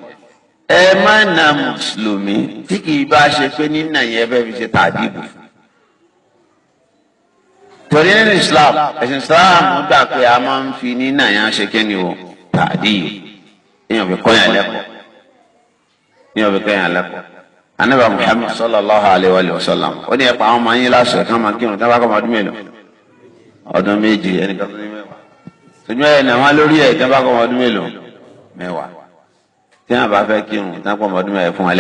ẹ má nà mùsùlùmí tí kì í bá ṣe pé nínà yẹn bẹ́ẹ̀ fi ṣe tàdíbù fún torí nínú islam ẹ̀sìn islam gbà pé a máa ń fi ní nàyà ṣe ni o tàdí yìí èèyàn fi kọ́ yàn lẹ́kọ̀ọ́ èèyàn fi kọ́ yàn lẹ́kọ̀ọ́ anábà muhammed sallallahu alayhi wa sallam ó ní ẹ̀pọ̀ àwọn ọmọ yín láṣọ kí wọ́n máa kírun tábà kọ́ ọdún mélòó ọdún méje ẹnìkan tó ní mẹ́wàá ṣùgbọ́n ẹ̀ náà lórí ẹ̀ tábà kọ́ ọdún mélòó mẹ́wàá tí wọ́n bá fẹ́ kírun tábà kọ́ ọdún mẹ́wàá fún wọn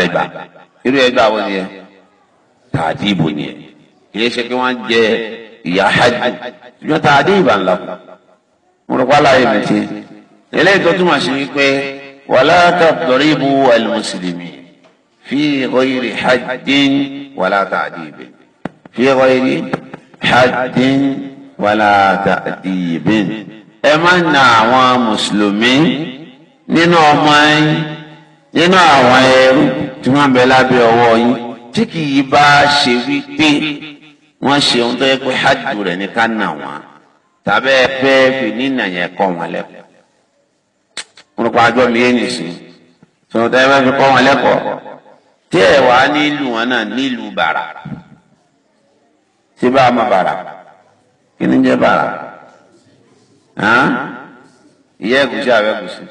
irú ẹgbàá wo ni ẹ tàdí ìbò ni ẹ kì í ṣe kí wọ́n jẹ ìyá hajj ṣùgbọ́n tá a dé ìbà ńlá kù mo rò pa láàyè mi ti eléyìí tó túmọ̀ sí wípé wàlá tadribu al-muslimi fi ghayri hajjin wàlá ta'dib fi ghayri hajjin wàlá ta'dib ẹ má na àwọn mùsùlùmí nínú ọmọ yín nínú àwọn ẹrú tí wọ́n bẹ lábẹ́ ọwọ́ yín tí kì í bá ṣe wípé wọ́n ṣe ohun tó yẹ pé hajj rẹ̀ ní ká nà wọ́n tàbí ẹ fẹ́ fi nínà yẹn kọ́ wọn lẹ́kọ̀ọ́. wọ́n pa àjọ mi yé nìsín tòun tẹ́ fẹ́ fi kọ́ wọn lẹ́kọ̀ọ́ tí ẹ wàá nílùú wọn náà nílùú bàrà ṣé bá a mọ bàrà kí ni jẹ́ bàrà ìyá ẹ̀gúsí àwẹ̀ ẹ̀gúsí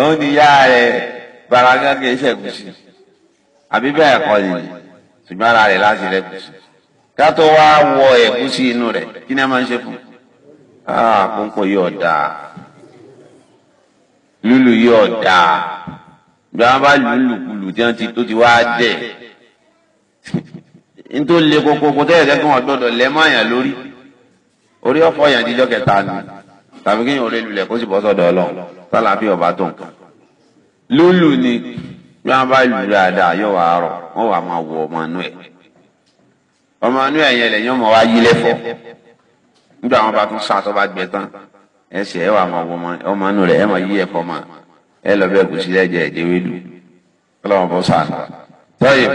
òun [laughs] ni ìyá rẹ̀ bàrà gángan iṣẹ́ ẹ̀gúsí àbí bẹ́ẹ̀ kọ́ nìyí ṣùgbọ́n ara rẹ̀ láti rẹ̀ kùsù ká tó wá wọ ẹ̀gúsí inú rẹ̀ kí ni a máa ń ṣe fún àpòǹpọ̀ ah, yóò dáa lúlù yóò dáa ìgbà wọn bá lùlù kùlù tí wọn ti tó ti wá dẹ̀ [laughs] nítorí le kokoko tẹ́lẹ̀ tẹ́lẹ̀ kí wọ́n gbọ́dọ̀ lórí orí ọ̀fọ̀ yẹn jíjọ́ kẹta ni tàbí kí yẹn ò lè lulẹ̀ kó sì bọ́ sọ́dọ̀ ọlọ́run sálàáfíà ọba tó nǹkan lúlù ni bí wọn bá lù dáadáa yóò wá rọ wọn wà máa wọ ọmọ inú ẹ ọmọ inú ẹ yẹn lẹ́yìn ọmọ wa yí lẹfọ nígbà wọn bá tún sàn tó bá gbẹ tán ẹsẹ ẹ wà máa wọ ọmọ inú rẹ ẹ máa yí ẹfọ máa ẹ lọ bẹ kù sílẹ̀ jẹ ẹjẹ wílù Ọlọ́run bó sàn lọ. tọ́yìn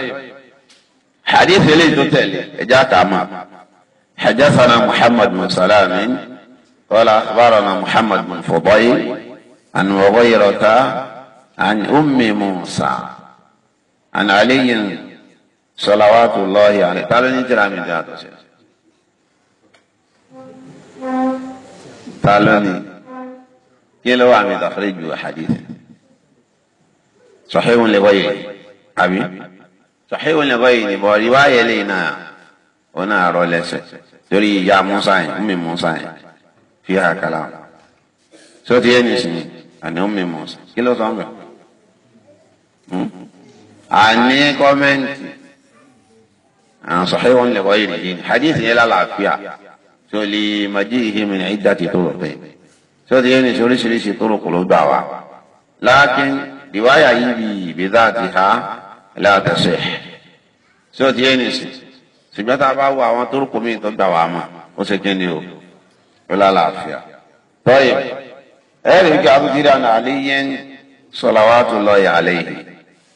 hadith eléyìí tó tẹ̀lé ẹjẹ́ àkàmà hajjasana muhammad bin salami wala akhbarana muhammad bin fudayl an mughirata. عن أم موسى عن علي صلوات الله عليه تعالى نجرى من جهة تعالى يلو عم تخرج حديث صحيح لغيره أبي صحيح لغيره ورواية لنا هنا رولس تري يا موسى أم موسى فيها كلام صوتي أنسني عن أم موسى كيلو صامبه àní kọ́mẹ́ǹtì àwọn sọ̀hẹ́ wọn lè wáyé nìyí ni hadith yẹn lálàáfíà tó lè màjí ìhìmì ní ìdá ti tó rọ̀pẹ́ tó ti yẹn ní oríṣiríṣi tó rọ̀kọ̀ ló gbà wá. lákìn ìwáyà yìí bí ìbídà ti ha látàṣẹ tó ti yẹn ní sùn ṣùgbọ́n tá a bá wo àwọn tó rọ̀kọ̀ mi tó gbà wá mọ̀ ó ṣe kí ni o ó lálàáfíà. tọ́yìn ẹ̀rí kí abudulayi alẹ́ yẹn salawatullahi alayhi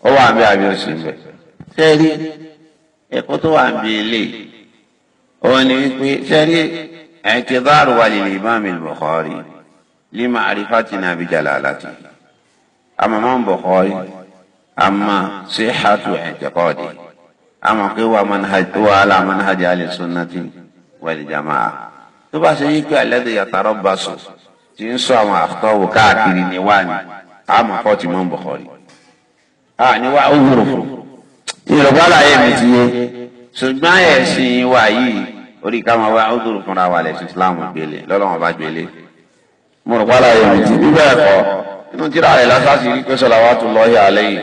ó wà ń bẹ àbí ó sì ń bẹ sẹ́rí ẹ̀kọ́ tó wà ń bẹ ilé òun ni wípé sẹ́rí ẹ̀kẹ́dárù wà lè Imam al-Bukhari li ma'rifatina bi jalalati àmọ́ Imam Bukhari àmọ́ sihhatu i'tiqadi àmọ́ pé wà manhaj wà ala manhaj ahli sunnati wal jama'a tó bá ṣe yípe alladhi yatarabbasu tí ń sọ àwọn àtọ́wò káàkiri ni wà ní àmọ́ kọ́ ti Imam Bukhari àní wá òwúrò yorùbá láyé mi ti yé ṣùgbọ́n ẹ̀sìn wa yìí orí káwọn wá òwúrò fúnra wa lẹ̀sìn islam gbélé lọ́lọ́wọ́n bá gbélé mo rò pálá yẹn ti bí bẹ́ẹ̀ kọ́ inú tíra rẹ̀ lásàsì rí pé sọ̀lá wa tún lọ́ọ́ yà lẹ́yìn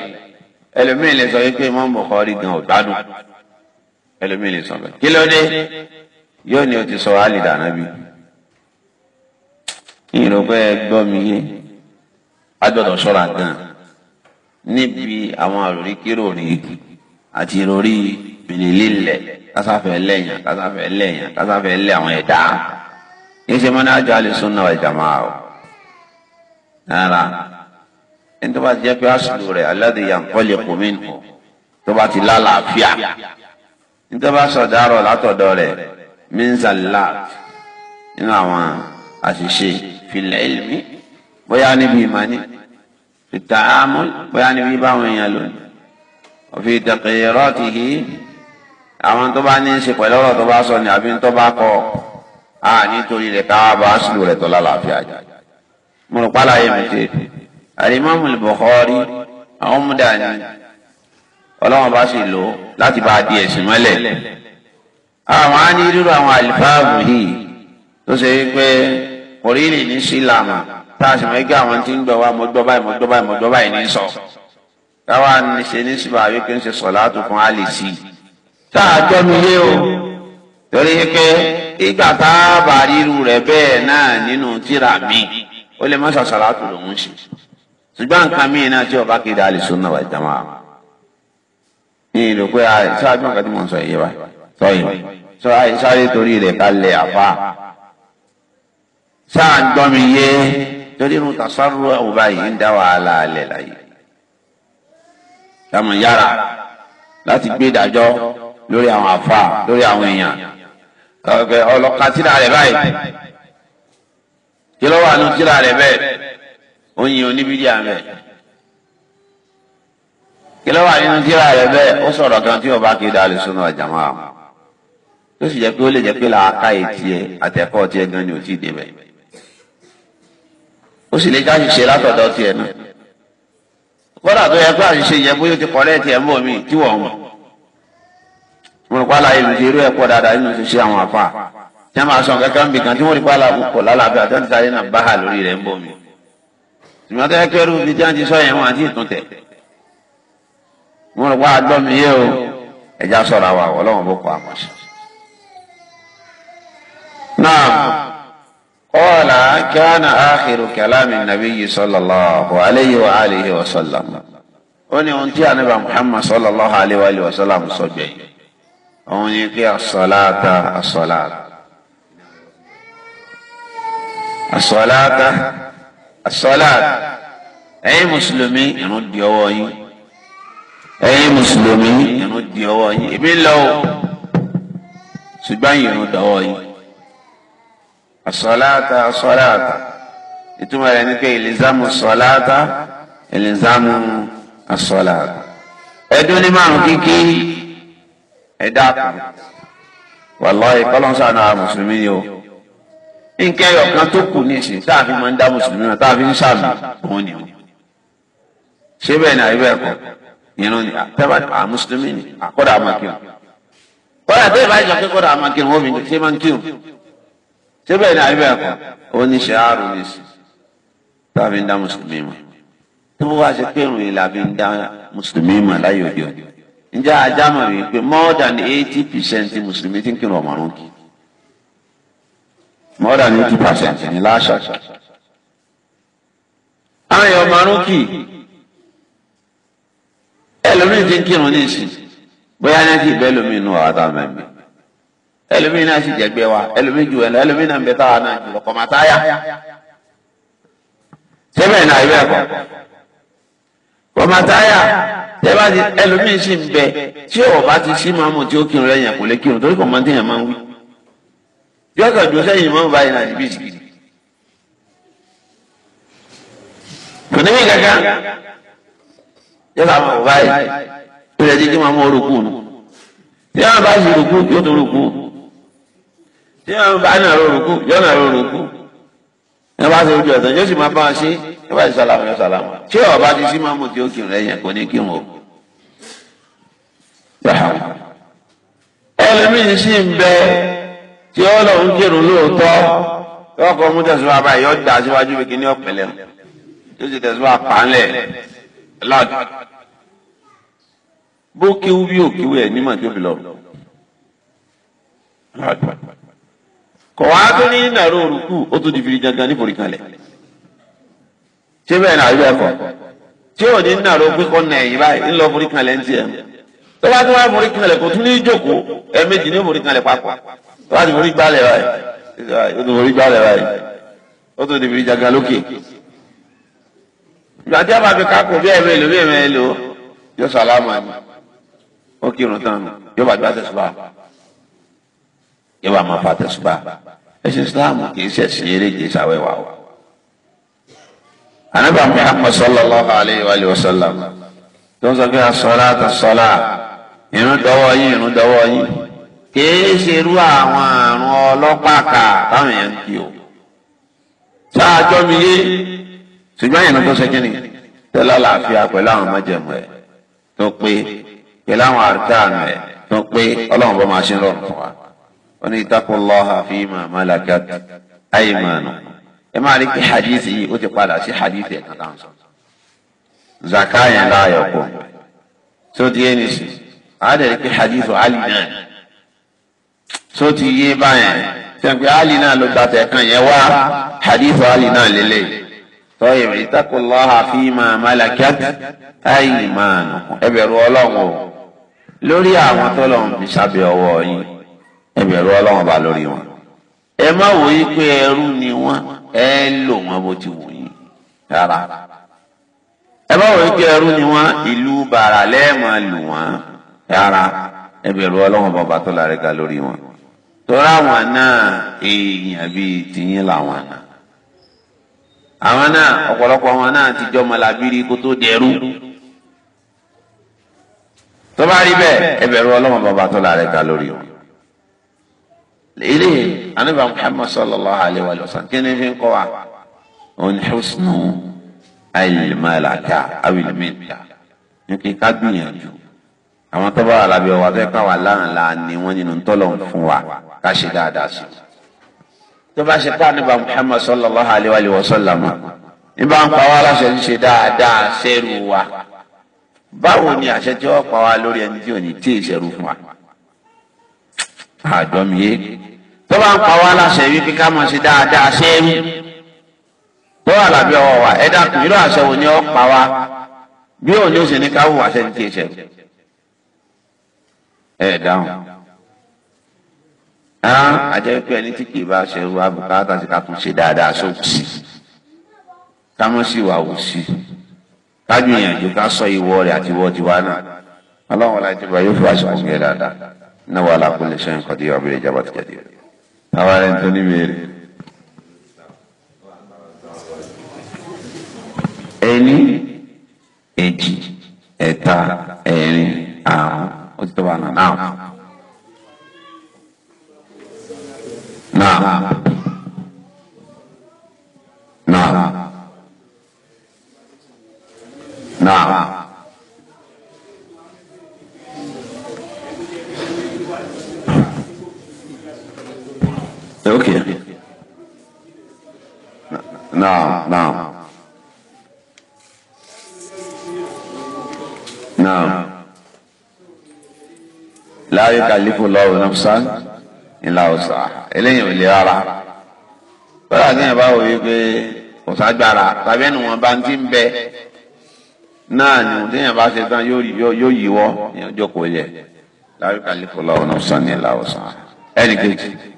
ẹlòmíì lè sọ wípé mọ́ mọ̀ kọ́ rí gan ọ̀gbádùn ẹlòmíì lè sọ bẹ́ẹ̀ kí ló dé yóò ní o ti sọ àlìdà náà bí ìrò ẹ gbọ́ mi yé a gbọ́dọ̀ ṣọ́ra gan níbi àwọn àròrí kíròrí àti ìròrí pèlélélẹ̀ kásáfẹ́ lẹ́yìn kásáfẹ́ lẹ́yìn kásáfẹ́ lẹ́ àwọn ẹ̀dá kì í ṣe mọ́ ní àjọ àlùsùnà ìjàmá o rárá ẹni tó bá ti jẹ́ pé àṣìlò rẹ̀ aládé yankọ́lẹ̀ kò mí nù tó bá ti lálàáfíà ní tó bá sọ̀dárọ̀ látọ̀dọ̀ rẹ̀ mínsàlá nínú àwọn àṣìṣe filẹ̀ ìlú bóyá níbi ìmọ̀ ni. التعامل بيان بيبا وين يلون وفي تقريراته àwọn tó bá ní í ṣe pẹ̀lú ọ̀rọ̀ tó bá sọ ni àbí tó bá kọ á nítorí rẹ̀ ká bá sílò rẹ̀ tó lálàáfíà jù. mo rò pálá yẹn mi ṣe àlìmọ́mù Bukhari àwọn ọmọdé àní ọlọ́wọ́n bá sì lò láti bá a di ẹ̀sìn mọ́lẹ̀. àwọn á ní irú àwọn àlìfáàbù yìí tó ṣe wípé orílẹ̀ ní sílàmà tá a sì mọ̀ ike àwọn tí ń gbọ́ wa mo gbọ́ báyìí mo gbọ́ báyìí mo gbọ́ báyìí ní sọ káwa ní ṣe ní síbà yóò kí n ṣe sọ̀láàtù fún àlè sí i tá a jọ mi yé o torí pé ìgbà tá a bá ríru rẹ̀ bẹ́ẹ̀ náà nínú tíra mi ó lè má ṣe sọ̀láàtù lòún ṣe ṣùgbọ́n nǹkan míì náà tí ọba kéde àlè sùn náà wà jàmá ní ìlú pé torí irun tasaru ọba yìí ń dá wàhálà alẹ láyé kàmú yára láti gbé ìdájọ́ lórí àwọn àfa lórí àwọn èèyàn ọlọ́ka tíra rẹ̀ báyìí kí ló wà nù tíra rẹ̀ bẹ́ẹ̀ oyin oníbídí àmẹ́ kí ló wà nínú tíra rẹ̀ bẹ́ẹ̀ ó sọ̀rọ̀ kan tí ọba kì í dá lùsùn náà jàmọ́ àwọn ó sì jẹ́ pé ó lè jẹ́ pé làákàyè tiẹ̀ àtẹ̀kọ́ tiẹ̀ gan ni ò tí ì débẹ̀ ó sì lè jáde ṣe látọ̀dọ̀ tiẹ̀ náà kódà tó yẹ pé àṣìṣe yẹ bóyá ti kọ́lẹ́ tiẹ̀ mọ́ mi kí wọ́n mọ̀ mo rò pálá ìlú irú ẹ̀ pọ̀ dáadáa nínú ṣíṣe àwọn àfa tí a máa sọ kankan bì kan tí wọ́n rí pálá kò lálàbẹ́ àti sáré náà bá hà lórí rẹ̀ ń bọ̀ mi ìmọ̀ kẹ́rù mi tí a ti sọ yẹn wọn àti ìtún tẹ̀ kọ́ àmọ́ sí. قال كان آخر كلام النبي صلى الله عليه وآله وسلم أني أنت أنا محمد صلى الله عليه وآله وسلم صبي أني في الصلاة الصلاة الصلاة الصلاة أي مسلمي ينود أوي أي مسلمي ينود أوي إبن لو سبعين ينودي أوي asọ́láta asọ́láta ìtumọ̀ rẹ̀ ní pé ìlìzámù sọ́láta ìlìzámù asọ́láta ẹdún ní márùn kíkí ẹ̀dá kan wàláhì kọ́lọ́nsá náà mùsùlùmí yìí o nkẹ́ ọ̀kan tó kù ní ìsìn tá a fi máa ń dá mùsùlùmí náà tá a fi ń sàmì òun ni o ṣé bẹ́ẹ̀ ni àyíbẹ̀ kọ́ irun ni àtẹ́bà àwọn mùsùlùmí ni àkọ́dà àmàkìrùn kọ́dà tó ìbáyìí sọ pé kọ́dà àmàkìrùn máa ń kírun síbẹ̀ ní àyíbẹ̀ ẹ̀kọ́ ó ní ṣe àrùn ní sí tàbí ń dá mùsùlùmí mọ̀ tó bá ṣe pé ìrùn ìlà bí ń dá mùsùlùmí mọ̀ láyé òde òde ǹjẹ́ ajá mọ̀ rí pé more than eighty percent mùsùlùmí ti ń kírun ọ̀mọ̀rún kì more than eighty percent ní láṣà. àyàn ọ̀mọ̀rún kì ẹlòmíì ti ń kírun ní ìsìn bóyá ní ẹtì ìbẹ́ lómi inú àwọn àtàwọn ẹ̀mí ẹlòmíín náà sì jẹgbẹ wa ẹlòmíín ju ẹlò ẹlòmíín náà ń bẹ táwa náà jùlọ kọ màtáyà sẹbẹ náà ìwé ẹkọ kọ màtáyà sẹbà ti ẹlòmíín sì ń bẹ tí ò bá ti sí màmú tí ó kírun lẹ́yìn àkùnlé kírun torí kò máa ń tẹyàn máa ń wí yọ ọkọ ìdúró sẹ́yìn mọ báyìí náà níbi ìsìkì kò ní kankan yọ ọkọ àwọn ọba yìí ó kí màmú orúkú nù tí bá sì rúkú yóò tó rúkú tí wọn bá nà lórúkú yóò nà lórúkú ní wọn bá ṣe ojú ọ̀sán yóò sì máa bá wọn ṣe ní wọn bá ṣe sàlámù yóò sàlámù tí ọba ti sí máa mú tí ó kírun ẹ̀yìn kò ní kírun o. ẹlẹ́mìí sì ń bẹ tí ó lọ ń kírun lóòótọ́ ọkọ̀ mú tẹ̀síwá báyìí yóò dà síwájú bí kíní ọ̀pẹ̀lẹ̀ yóò sì tẹ̀síwá pàálẹ̀ lọ́dọ̀ bó kíwú bí òkíwú ẹ̀ nímọ̀ tó kọ̀ wá tó ní nàró òrùkù ó tó di fìrí gangan ní forí kalẹ̀ ṣé bẹ́ẹ̀ náà yọ ẹ̀kọ́ tí ò ní nàró pípọ̀ nà ẹ̀yìn báyìí ńlọ forí kalẹ̀ ń tiẹ̀ tó bá tó wá forí kalẹ̀ kò tún ní jókòó ẹ̀ẹ̀mejì ní forí kalẹ̀ papọ̀ tó bá ti forí gbálẹ̀ báyìí ó tó forí gbálẹ̀ báyìí ó tó di fìrí gangan lókè gbàdí bí ẹ̀mẹ́ lò bí ẹ̀mẹ́ lò yóò sàlámà ni ó kírun tán yóò bá yóò bá máa fa tẹ̀síbà ẹ̀sìn islam kì í ṣẹ̀sìn eré kì í ṣàwẹ́wà o. anábà muhammad sallallahu alayhi wa sallam tó ń sọ pé asọ́lá àtàsọ́lá irun dọwọ́ yín irun dọwọ́ yín kì í ṣerú àwọn àrùn ọlọ́pàá kà táwọn èèyàn ń kí o. sáà jọ́ mi yé ṣùgbọ́n ìrìn tó ṣe kí ni tẹ́lá làáfíà pẹ̀lú àwọn májẹ̀mú ẹ̀ tó pé pẹ̀lú àwọn àrùkà ẹ̀ tó pé ọlọ́run bọ́ máa ṣe ń rọrùn fún wa wọ́n ní ìtakùnlọ́ha fi máa málàkà àìmánù ẹ máa rí pé hadithi yìí ó ti padà sí hadithi ẹ̀ka tá à ń sọ zaka yẹn láàyò pọ̀ tó ti yé nìsí àádẹ́rẹ́ pé hadithu ali náà tó ti yé báyẹn sẹ́ńpé ali náà ló gbà tẹ̀kan yẹn wá hadithu ali náà lélẹ̀ tọ́yẹ̀ ìtakùnlọ́ha fi máa málàkà àìmánù ẹ bẹ̀rù ọlọ́run o lórí àwọn tó lọ́n fi sábẹ́ ọwọ́ yìí ẹ bẹ̀rù ọlọ́wọ́n bá lórí wọn ẹ má wò yí pé ẹrú ni wọn ẹ lò wọn bó ti wù yín rárá ẹ má wò yí pé ẹrú ni wọn ìlú bàrà lẹ́ẹ̀mọ́ lù wọn rárá ẹ bẹ̀rù ọlọ́wọ́n bá bàtọ́ làrẹ́ ga lórí wọn tọ́ra àwọn náà èèyàn bíi tìyín làwọn náà àwọn náà ọ̀pọ̀lọpọ̀ àwọn náà ti jọ mọ̀lábírí kó tó dẹrú tó rí bẹ́ẹ̀ ẹ bẹ̀rù ọlọ́wọ́n tó la rẹ̀ ká lórí wọn eléyìí anábà muhammad sallallahu alayhi wa sallam kí ni fi ń kọ́ wa òun ni husnu alimalaka awiliminta nítorí ká gbìyànjú àwọn tó bá wà lábẹ́ wa fẹ́ káwa láǹlà ni wọ́n nínú tọ́lọ̀ ń fún wa ká ṣe dáadáa sí i tó bá ṣe ká anábà muhammad sallallahu alayhi wa sallam nígbà ń pa wá láṣẹ ń ṣe dáadáa ṣẹ́rù wa báwo ni àṣẹ tí wọ́n pa wá lórí ẹni tí ò ní tí ì ṣẹ́rù fún wa àjọ mi yé tó bá ń pa wá láṣẹ wípé ká mọ̀ sí dáadáa ṣe é mú tó wà lábẹ́ ọwọ́ wa ẹ dákun irú àṣẹ wo ni ó pa wá bí òun yóò ṣe ní ká hùwà ṣe ní kí ẹsẹ̀ ẹ dáhùn á àjẹ́ pé ẹni tí kì í bá ṣe wá bùkátà sí ká tún ṣe dáadáa sóòkù sí ká mọ̀ sí wà wù sí ká gbìyànjú ká sọ ìwọ rẹ̀ àti ìwọ tiwa náà ọlọ́run ọ̀la ìjọba yóò fi wá ṣe kò ń dáadáa náà wà lákùnrin ṣẹ́yìn kọ́dí ọ̀bẹ̀rẹ̀ ìjábọ̀ tìjọ́dí rẹ̀ àwa rẹ̀ tó ní bèrè. ẹni èjì ẹ̀ta ẹ̀rin àrùn ó ti tọ́ba náà náà. náà náà náà. okay naam naam naam la yukallifu Allahu nafsan illa wus'aha eléyìí ò lè rárá bọ́lá ní ẹ̀ bá wò yí pé kò ságbára tàbí ẹnu wọn bá ń ti ń bẹ náà ni òun téèyàn bá ṣe tán yóò yíwọ́ ní ọjọ́ kò yẹ la yukallifu Allahu nafsan illa wus'aha ẹnì kejì.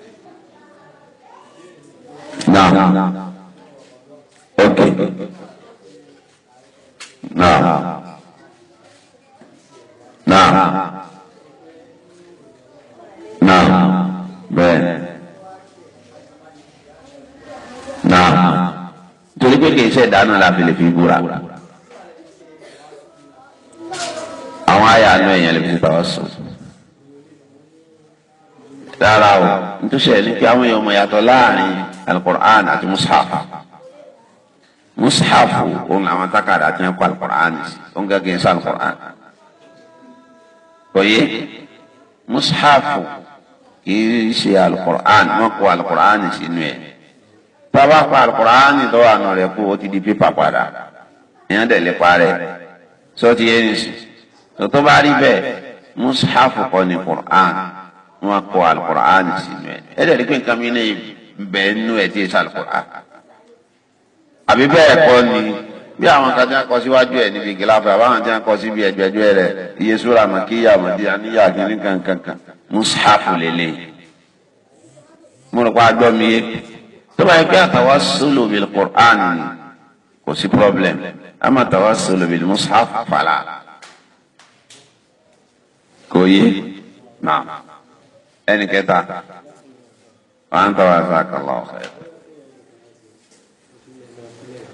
Now, okay. Now, now, now, bẹ́ẹ̀. Now, torí pé kì í ṣe ìdáná la fi lè fi búra. Àwọn àyà àánú èèyàn lè fi bá ọ sùn rárá o nítorí ẹ ní kí àwọn èèyàn mọ̀ yàtọ̀ láàrin alukur'an àti mushaf mushaf òun làwọn takàdá àti ẹ̀kọ́ alukur'an òun gẹ́gẹ́ sí alukur'an kòye mushaf kìí ṣe alukur'an wọn kó alukur'an sínú ẹ̀ tábà pa alukur'an tó wà nù rẹ̀ kó o ti di pépà padà èèyàn dẹ̀ lè parẹ́ sọ ti yé nìsín tó bá rí bẹ́ẹ̀ mushaf kọ́ ni kur'an wọn kó alukur'an sínú ẹ̀ ẹ̀ dẹ̀ rí pé nǹkan mi ní ibi bẹ́ẹ̀ nú ẹ̀ tí ì sàlùkùrà. àbí bẹ́ẹ̀ kọ́ ni bí àwọn kan tí wọ́n kọ síwájú ẹ̀ níbi gíláfà àbáwọn tí wọ́n kọ síbi ẹ̀jẹ̀jẹ̀ rẹ̀ iye sóra mọ̀ kí ìyá àmọ̀dé àníyá kìíní kankan kan mùsàfù lélẹ̀. mo rò pa àgbọ̀ mi yé tó bá yẹ pé àtawassulu bil Qur'an kò sí problem àmọ́ àtawassulu bil mùsàf fàlà kò yé ẹnì kẹta. وأنت وعساك الله خير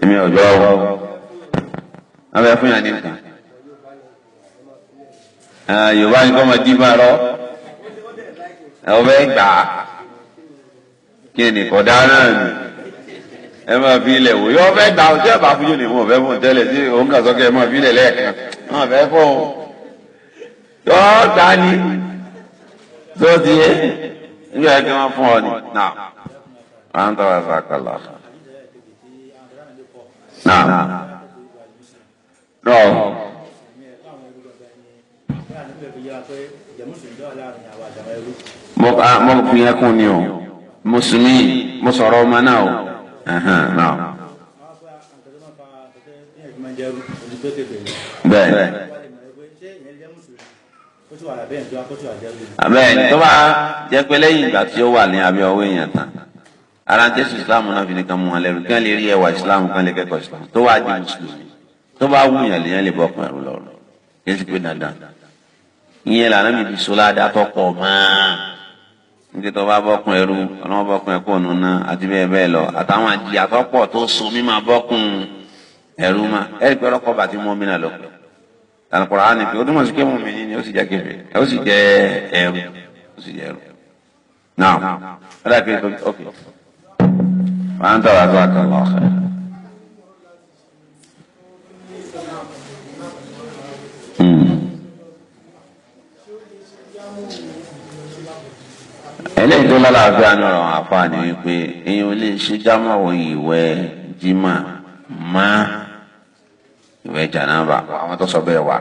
èmi ọjọ́ ọwọ́ abẹ́ fún yàn ní nǹkan yorùbá ni kọ́ máa dí bá rọ ọbẹ̀ gbà á kí ni kọ̀dá náà nù ẹ máa fi ilẹ̀ wò yọ ọbẹ̀ gbà ọjọ́ ẹ̀bà fún yóò ní wọn ọbẹ̀ fún tẹ́lẹ̀ sí òun kà sọ́kẹ́ ẹ máa fi ilẹ̀ lẹ́ẹ̀kan wọn ọbẹ̀ fún yọ ọ́ ta ni tó níjọ́ yẹ kí wọ́n fún ọ ni náà à ń tọ́ra sàkàlà. náà rọ. mo fi yẹn kún ni o mùsùlùmí mo sọ̀rọ̀ ọmọ náà o. bẹ́ẹ̀ abẹ́ẹ̀ni tó bá jẹ́ pé lẹ́yìn ìgbà tí ó wà ní abẹ́ ọwọ́ èèyàn tán ara jésù islam náà fi nìkan mú wọn lẹ́rù kí wọ́n lè rí ẹwà islam kí wọ́n lè kẹ́kọ̀ọ́ islam tó wá di mùsùlùmí tó bá wù yàn lèyàn lè bọ́kùn ẹ̀rù lọ́rùn kí ẹ sì pé dandan ìyẹn lànà bíbí sọlá dátọ́ pọ̀ máa níbi tó bá bọ́kùn ẹ̀rù ọlọ́wọ́ bọ́kùn ẹ̀kọ́ ọ̀nù náà àti bẹ́ẹ̀ bẹ́ẹ̀ lọ àtàwọn àjìyà tó tó so mímọ́ bọ́kùn ẹ̀rù máa ẹ̀rí pé alukọ̀rọ̀ á ní pé ó túmọ̀ sí pé mùmí ni ó sì jẹ́ kébè ó sì jẹ́ ẹrú ó sì jẹ́ ẹrú. náà ó dàbí ètò ọ̀kẹ́ máa ń tọrọ àdúrà kan lọ́ọ̀kẹ́. Hmm. eléyìí tó lálàáfíà ní ọ̀rọ̀ àfáà ni wípé èèyàn lè ṣe jámọ̀ òyìnwẹ́ jimá máa ìwẹ̀ jànáàbà àwọn tó sọ bẹ́ẹ̀ wà.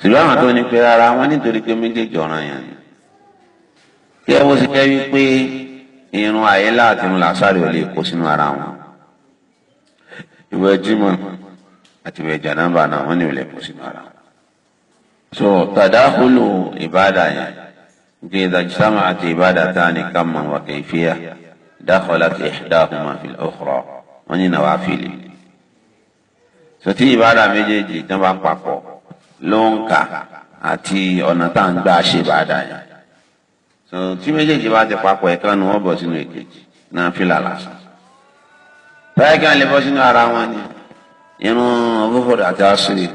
ṣùgbọ́n àwọn tó ní pé rárá wọn nítorí pé méjèèjì ọ̀ràn yẹn ni. kí ẹ bó ṣe jẹ́ wípé irun àyè láti irun làásàrè ò lè kó sínú ara wọn. ìwẹ̀ jímọ̀ àti ìwẹ̀ jànáàbà náà wọ́n ní ò lè kó sínú ara wọn. so tàdáhùlù ìbádà yẹn kí ìdájísámà àti ìbádà tá a ní ká mọ̀ wà kẹfíà dákọ̀lá kẹfíà dáhùn máa fi ọ̀kọ̀rọ̀ wọ́n ní nàwáfíìlì sọtí ìbára méjèèjì tán bá papọ̀ ló ń kà àti ọ̀nà tá à ń gbà ṣe ìbáda yẹn so tí méjèèjì bá ti papọ̀ ẹ̀kan nu wọ́n bọ̀ sínú èkejì náà fìlà lásán báyìí kan lè bọ́ sínú ara wọn ni irun ọgọ́fọ̀dà àti asiri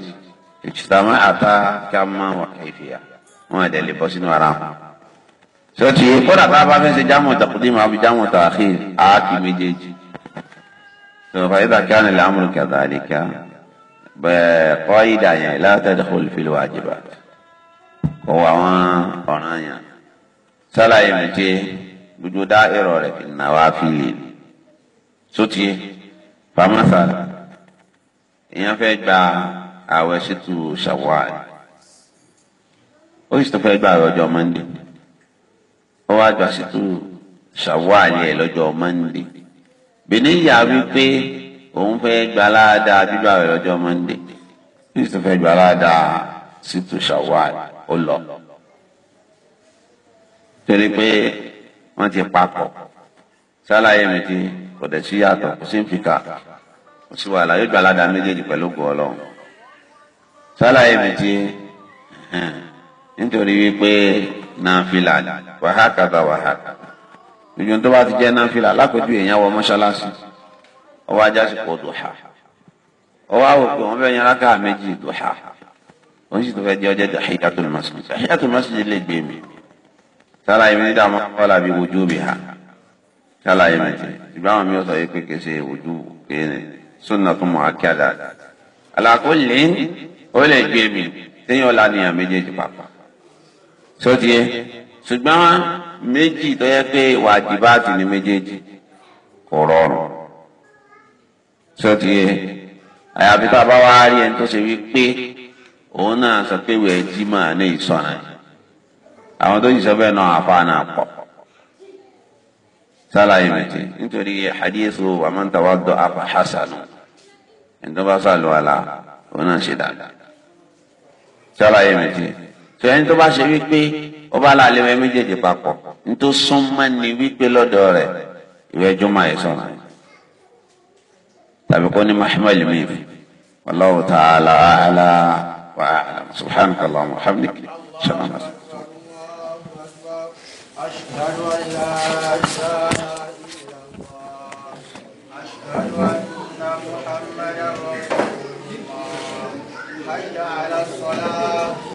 ìtìtàmọ́ àtà kàmá wà kẹfìyà wọn ẹ̀dẹ̀ lè bọ́ sínú ara wọn sọtí kódà tá a bá fẹ́ ṣe jámù tàkùdímù àbí jámù tàkì àákì méjèèjì so qaida yẹn la tadkhul fil wajibat kò wà wọn ọ̀ràn yẹn sálàyé mi pé gbogbo dá èrò rẹ̀ nawafili sótì pàmásà èèyàn fẹ́ gba àwẹ̀ ṣètò Shawwal ó sì tún fẹ́ gba àwẹ̀ ọjọ́ Monday ó wá gba ṣètò Shawwal yẹ lọ́jọ́ Monday bìnní yà wípé òun fẹ́ gba aláàdá bíbá rẹ̀ lọ́jọ́ Monday ní ìsìn fẹ́ gba aláàdá sítú Shawwal ó lọ. torí pé wọ́n ti papọ̀ sálàyé mi ti kò dẹ̀ sí yàtọ̀ kò sí ń fìkà kò sí wàhálà yóò gba aláàdá méjèèjì pẹ̀lú ògùn Ọlọ́run sálàyé mi ti nítorí wípé nàfìlà wàhákàtà wàhákàtà ìjọba ti jẹ́ nàfìlà lápẹjù èèyàn wọ mọ́ṣáláṣí. ọwọ́ ajá sì pọ̀ dùhà ọwọ́ àwọ̀ pé wọ́n fẹ́ yan méjì dùhà sì tó lè gbé mi sára ha sára ibi tí ìgbà wọn mi ò sọ yìí pé kèsè ojú kéne sunna tó mọ akéada ala kulli ó lè gbé mi nìyàn méjèèjì pàpà méjì tó yẹ pé méjèèjì kò rọrùn. sọ ti yẹ àyàfi tá a bá wá rí ẹni tó ṣe wí pé òun náà sọ pé wẹ̀ jí máa ní ìsọ̀ràn àwọn tó yìí sọ bẹ́ẹ̀ náà àfa náà pọ̀ sálàyé mẹ́tì nítorí hadithu man tawadda'a fa hasanu ẹni tó bá sàlùwàlà òun náà ṣe dáadáa sálàyé mẹ́tì tó ẹni tó bá ṣe wípé ọba aláàlẹ́ wẹ̀ méjèèjì papọ̀ ní tó súnmọ́ ni lọ́dọ̀ rẹ̀ ìwẹ́jọ́ máa yẹ sọ̀rọ̀ تبقوني محمل ميمي والله تعالى أعلى وأعلم سبحانك اللهم وحمدك سلام الله أكبر أشهد أن لا إله محمد رسول الله حي على الصلاة